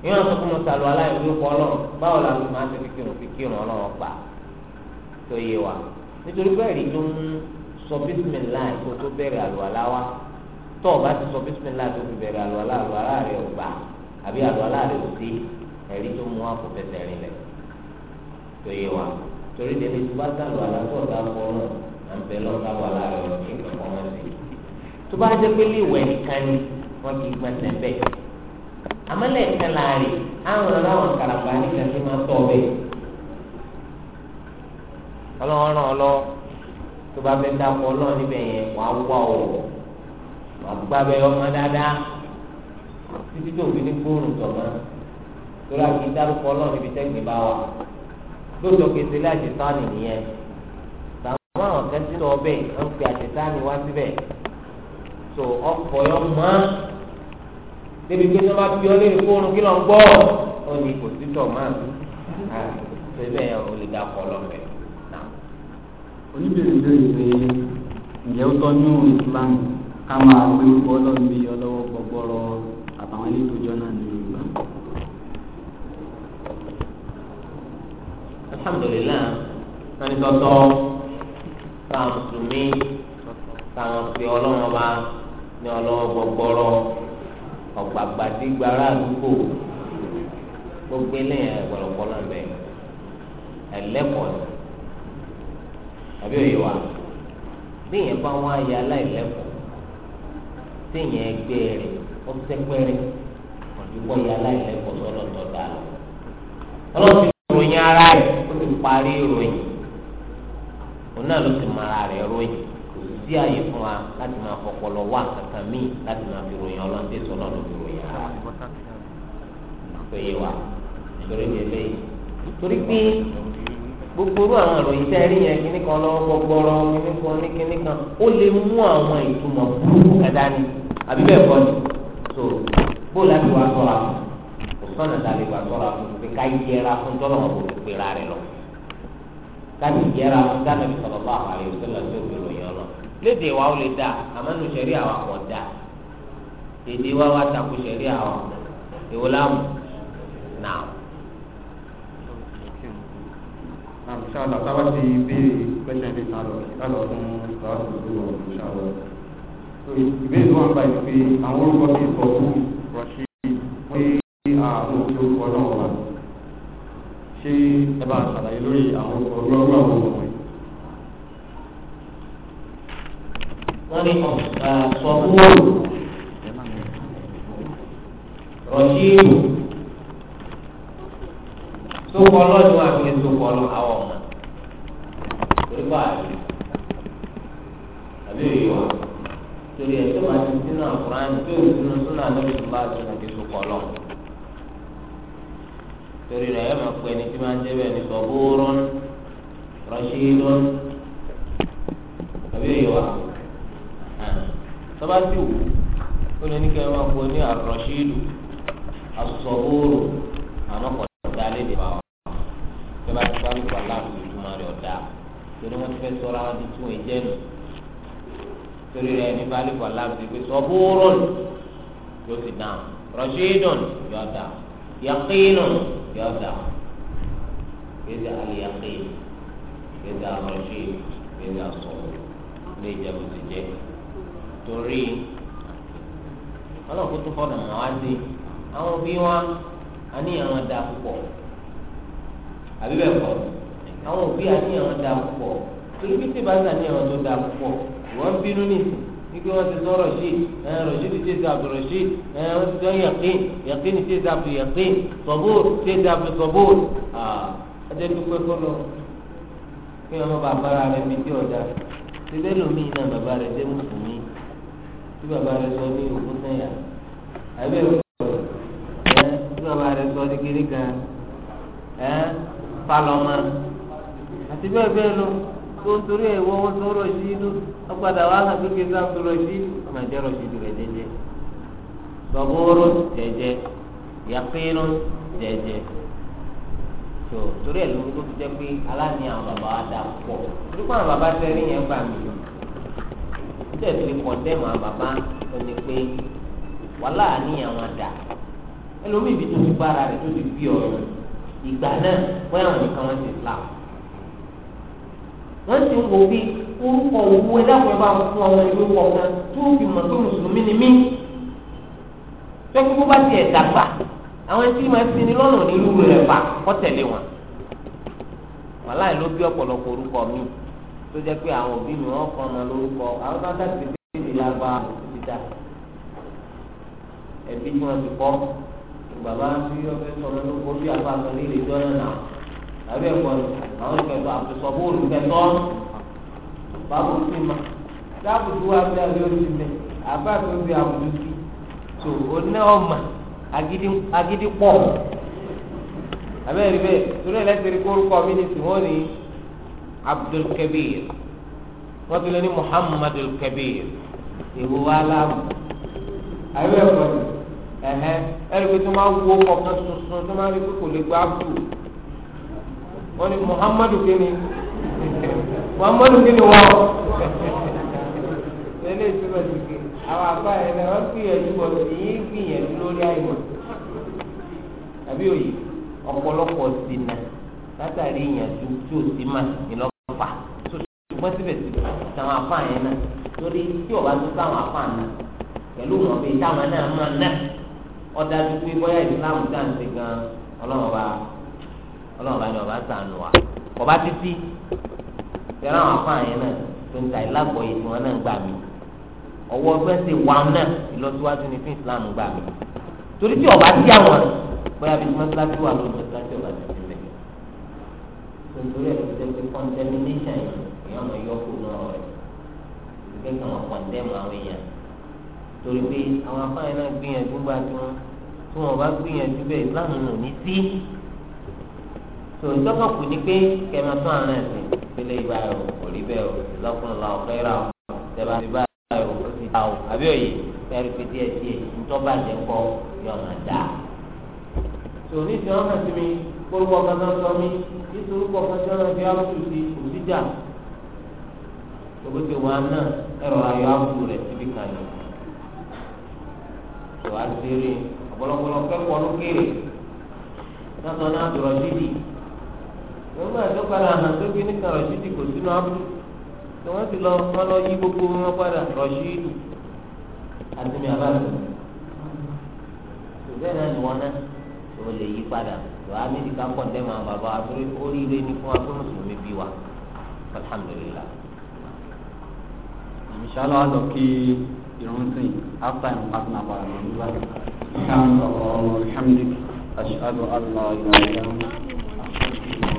yín wọn sọ fún mi sàlù aláìwé kọ Ọlọ́run báwo la ló máa ń fi kírun fi kírun Ọlọ́run pa tó yé wa nítorí bẹ́ẹ̀ rí ló ń sọ bísímìláì kó tó bẹ̀rẹ̀ àlùwàlá wa tọ́ọ̀ bá ti sọ bísímìláì tó fi bẹ̀rẹ̀ àlùwàlá àlùwàlá rẹ̀ ò gbà á àbí àlọ́ aláàrẹ̀ ò sí ẹ̀rí tó mú àpò fẹsẹ̀ rìn lẹ̀ tó yé wa torí délé tó bá sàlù àlàkọ̀ ọ̀dà pọ̀ náà à ń bẹ lọ́ta wà láàrẹ̀ ọ̀dà ní nǹkan kan wọ́n sí. tó bá jẹ́ pé lè wẹ̀ nìkan ni wọ́n ti gbọ́n sẹ́ bẹ́ẹ̀. àmọ́lẹ̀ kan láàrin àwọn aláwọ̀n kàràbà nìkan ti máa tọ̀ bẹ́ẹ̀. ọlọ́run ràn tó bá fẹ́ dápọ̀ ọlọ́run níbẹ̀ yẹn wàá wá ọ̀ títí tó fi ní gbóòórùn tọ̀ mọ́ torí àti dárúkọ ọlọ́run níbi tẹ́gbẹ̀ẹ́ bá wa lóòótọ́ kété láti sáni nìyẹn làwọn àwọn kẹ́sì lọ bẹ́ẹ̀ ń pe àti sáni wá síbẹ̀ tó ọkọ̀ yọ mọ́ débi pé tó bá fi ọ léèrè gbóòórùn kí lọ ń gbọ́ ọ ní kò sí tọ̀ mọ́ àbẹ̀bẹ̀ ò lè dà kọ́ lọ́fẹ̀ẹ́. oníbèrè ìbéèrè pé ǹjẹ́ ó tọ́jú ìsìlámù ká máa gbé ọlọ́run bí ọlọ́wọ́ gbọ́gbọ́rọ́ àwọn elétò ìjọ náà ní yorùbá. alhamdulilayi wọn ni tọ́tọ́ táwọn mùsùlùmí táwọn fi ọlọ́wọ́n bá ní ọlọ́wọ́ gbọgbọ́rọ́ ọ̀gbàgbàdìgbà aráàlúgbò gbogbo eléyà ẹ̀gbọ̀lọ̀gbọ̀ náà bẹ̀ ẹ̀lẹ́kọ̀ọ́ ni àbí òye wa bí yẹn bá wá ya aláìlẹ́kọ̀ọ́ tí yẹn gbé rẹ̀ ó sẹ́pẹ́rẹ́ ìkọ́ ìyá aláìlẹ́kọ̀ọ́ sọ́lọ́ tó dà lọ. ọlọ́run ti ara rẹ̀ ó ti parí ròyìn òun náà ló ti mara rẹ ròyìn kò sí fún wa láti máa fọpọlọ wá kankan míì láti máa ara rẹ̀. wa torí ní torí pé gbogbo àwọn ìròyìn yẹn kíní kan kíní kan ní kíní kan ó lè mú àwọn ìtumọ̀ burúkú ni àbí so bó láti wá sọ́ra fún kò sọ́nà tàbí wá sọ́ra fún pé ká yẹra fún tọ́lọ̀ wọn kò pè ra rẹ̀ lọ káti yẹra fún dáná bí sọ̀rọ̀ bá àwọn àyè òṣèlú tó fi ròyìn ọ lọ léde wa ó lè dá àmọ́ nù sẹ́rí àwọn kò dá èdè wa wá takò sẹ́rí àwọn èwo láwọn náà. Inshallah, sábà ti bí pẹ́sẹ̀ ti sálọ, sálọ fún sábà tó dúró, inshallah ìbéèrè tó wọn gba ìlú pé àwọn orúkọ tí sọ fún rọṣí pé àwọn òkè orúkọ náà wà ṣé ẹ bá ṣàlàyé lórí àwọn orúkọ orúkọ uh, àwọn ọmọ wọn. wọ́n ní sọ fún rọṣí sókọ lọ́dún àti sókọ lọ́dún àwọn ọmọ. Àbí èyí wà torí ẹ̀ tó máa ti sínú àkùrán tó yẹ sínú súnà lórí tó bá sínú kíkó kọlọ torí rẹ̀ ẹ̀ máa pẹ́ ni tí máa ń jẹ́ bẹ́ẹ̀ ní sọ́búrún rọ́ṣídún àbí ìwà tọ́ba ti wù ó lé ní kí ẹ máa pọ ní àrọ́ṣídù àsọ̀búrù àmọ́ kọ̀ ọ̀dà lédè bá wa tọ́ba ti bá wù wà láàbù ìtumọ̀ rẹ̀ ọ̀dà torí wọ́n ti fẹ́ sọ́ra wọn ti tún ìjẹ́nu torí rẹ ní balùwẹ̀ aláàbò pé sọ́búrún yóò ti dáhùn rọ́ṣídùn yóò dáhùn yàqínùn yóò dáhùn kéde àlìyàqín kéde àrọ́ṣíd kéde àsọ̀rọ̀ lè jẹ́ bó ti jẹ́ torí ọlọ́run tó fọ́nà mọ́ wá sí àwọn òbí wa àníyàn wọn dáa púpọ̀ àbí bẹ́ẹ̀ kọ́ àwọn òbí àníyàn wọn dáa púpọ̀ torí bí tí bá ń sàníyàn tó dáa púpọ̀ wọ́n bínú ní nígbà wọ́n ti sọ rọ̀ṣì ẹ̀ rọ̀ṣì ti ṣe dàbí rọ̀ṣì ẹ̀ wọ́n ti sọ yẹ̀kín yẹ̀kín ti ṣe dàbí yẹ̀kín sọ̀bùr ṣe dàbí sọ̀bùr ọjọ́ dúpẹ́ kọ́ lọ kí ọmọ bàbá rẹ̀ mi dé ọ̀dà síbẹ̀ lómi iná bàbá rẹ̀ dé mùsùlùmí tí bàbá rẹ̀ sọ ní ògún sẹ́yà àbẹ̀ ẹ̀ tí bàbá rẹ̀ sọ ní kiri kan ẹ̀ palọ́mọ àti bẹ́ẹ̀ bẹ́ẹ̀ lọ. kó torí ẹ̀ wọ́n wọ́n tó rọ̀ṣídù ọ̀padà wà hàn tó kéka tó rọ̀ṣídù ọmọ ẹ̀jẹ̀ rọ̀ṣídù rẹ̀ jẹjẹ. sọ̀bọ̀rọ̀ jẹjẹ yàpínú jẹjẹ. tó torí ló ń tó fi jẹ́ pé aláàní àwọn bàbá wa dà pọ̀ torí pé àwọn bàbá yẹn mí lò. àwọn bàbá tó ní pé wàhálà ẹlòmíì bí tó rẹ̀ wọ́n ti wò bí orúkọ òwú ẹ dákun ẹ bá wọn fún àwọn ìwé wọn kan tó fi mọ̀ pé mùsùlùmí ni mí tọ́kí bó bá tiẹ̀ dàgbà àwọn ẹtí máa fi ni lọ́nà nílùú rẹ̀ fà kọ́ tẹ̀lé wọn. wàhálà ló bí ọ̀pọ̀lọpọ̀ orúkọ mi tó jẹ́ pé àwọn òbí mi wọ́n kọ́ ọmọ lórúkọ àwọn bá dàgbé bíbí lágbá òkúta ẹbí tí wọ́n ti kọ́ bàbá fi ọbẹ̀ sọ̀rọ̀ lórúkọ bí àbá sọ nílé ìjọ náà náà àbí ẹ̀kọ́ ni àwọn ìkẹtọ àfẹsọ bóòlù kẹtọ báwo sí ma dábùdú wa bí abẹ́ òsì mẹ àbá tó bí àbùdú sí tó oná ọmọ agídí pọ̀ abẹ́rẹ́ bẹ́ẹ̀ torí ẹlẹ́sìrì kórúkọ mi ní tìwọ́n ní Abdul Kabir wọ́n ti lé ní Muhammadul Kabir èwo wa láàmú àbẹ́rẹ́ kọ́ni ẹ̀hẹ́ ẹ̀rẹ́ pé tó máa wú ọkọ̀ kan tuntun tó máa rí pé lè gbá bùrù wọ́n ní muhammadu kini muhammadu kini wọ́n lẹ́lẹ́ ìtumọ̀ sí ké àwọn àbá yẹn náà wọ́n gbìyànjú bọ̀ sí yín gbìyànjú lórí àìmọ̀ àbí òye ọ̀pọ̀lọpọ̀ sí nà látàrí ìyànjú tí O sí mà ìlọ́pà ṣùgbọ́n síbẹ̀síbẹ̀ táwọn àbá yẹn náà lórí tí ò bá tó táwọn àbá náà pẹ̀lú wọn bíi táwọn náà máa náà ọ̀dájú pé bọ́yá ìsìlámù dáǹsì gan ọlọ́run bá a ọlọ́run bá ní ọba sànù wa ọba títí yàrá àwọn afáàn yẹn náà tó ń ta ìlàgbọ̀ yìí tí wọ́n náà gbà mí ọwọ́ fẹ́sẹ̀ wà náà ìlọsíwájú ní fún Islam gbà mí torí tí ọba tí àwọn bóyá bí mọ́tíláṣí wà lórí ọba ti ti lẹ̀ nítorí ti ṣe torí pé àwọn afáàn yẹn náà gbìyànjú gbà tí wọn tí wọn bá gbìyànjú bẹ́ẹ̀ Islam nù ní sí tó ntọ́kọ̀ kù ní pé kẹmẹ tún àná ẹ̀sìn ìpele ìgbà o kò rí bẹ́ẹ̀ o lọ́kùnrin la ọ̀fẹ́ rà o tẹ̀bá ti bá o ó ti ta o àbí òye fẹ́ẹ́rì pété ẹ̀ tiẹ̀ ntọ́ba jẹ́ kọ́ yọ̀nà dá. tó ní ti wọn kàn sí mi kórúkọ kankan sọ mi nítorí kọ kankan náà fi áwùjọ sí òsíjà òkúté wa náà ẹ̀rọ ayọ̀ áwùjọ rẹ̀ síbi kan ní. tó a ti rí ọ̀pọ̀lọpọ̀ kẹ́kọ̀ọ́ lókèrè náà sọ náà dọ̀rọ̀ nígbà tó padà hàn tó gbé nìkan rọ̀ṣídì kò sínú abúlé tí wọ́n ti lọ wọ́n lọ yí gbogbo wọn padà rọ̀ṣídì àti ní abáàlú bẹ́ẹ̀ náà ni wọ́n ná tó lè yí padà tó a méjì ká pọ̀ dẹ́mọ̀ àwọn bàbá wa torí oríire ni fún wa fún mùsùlùmí bí wa alhamdulillah. ìṣàlọ́ àlọ́ kí irun sìn after im partner náà bàrà lọ́wọ́ nígbà tó ká ń lọ ọ̀rọ̀ alhamdulilayi ashhadu allah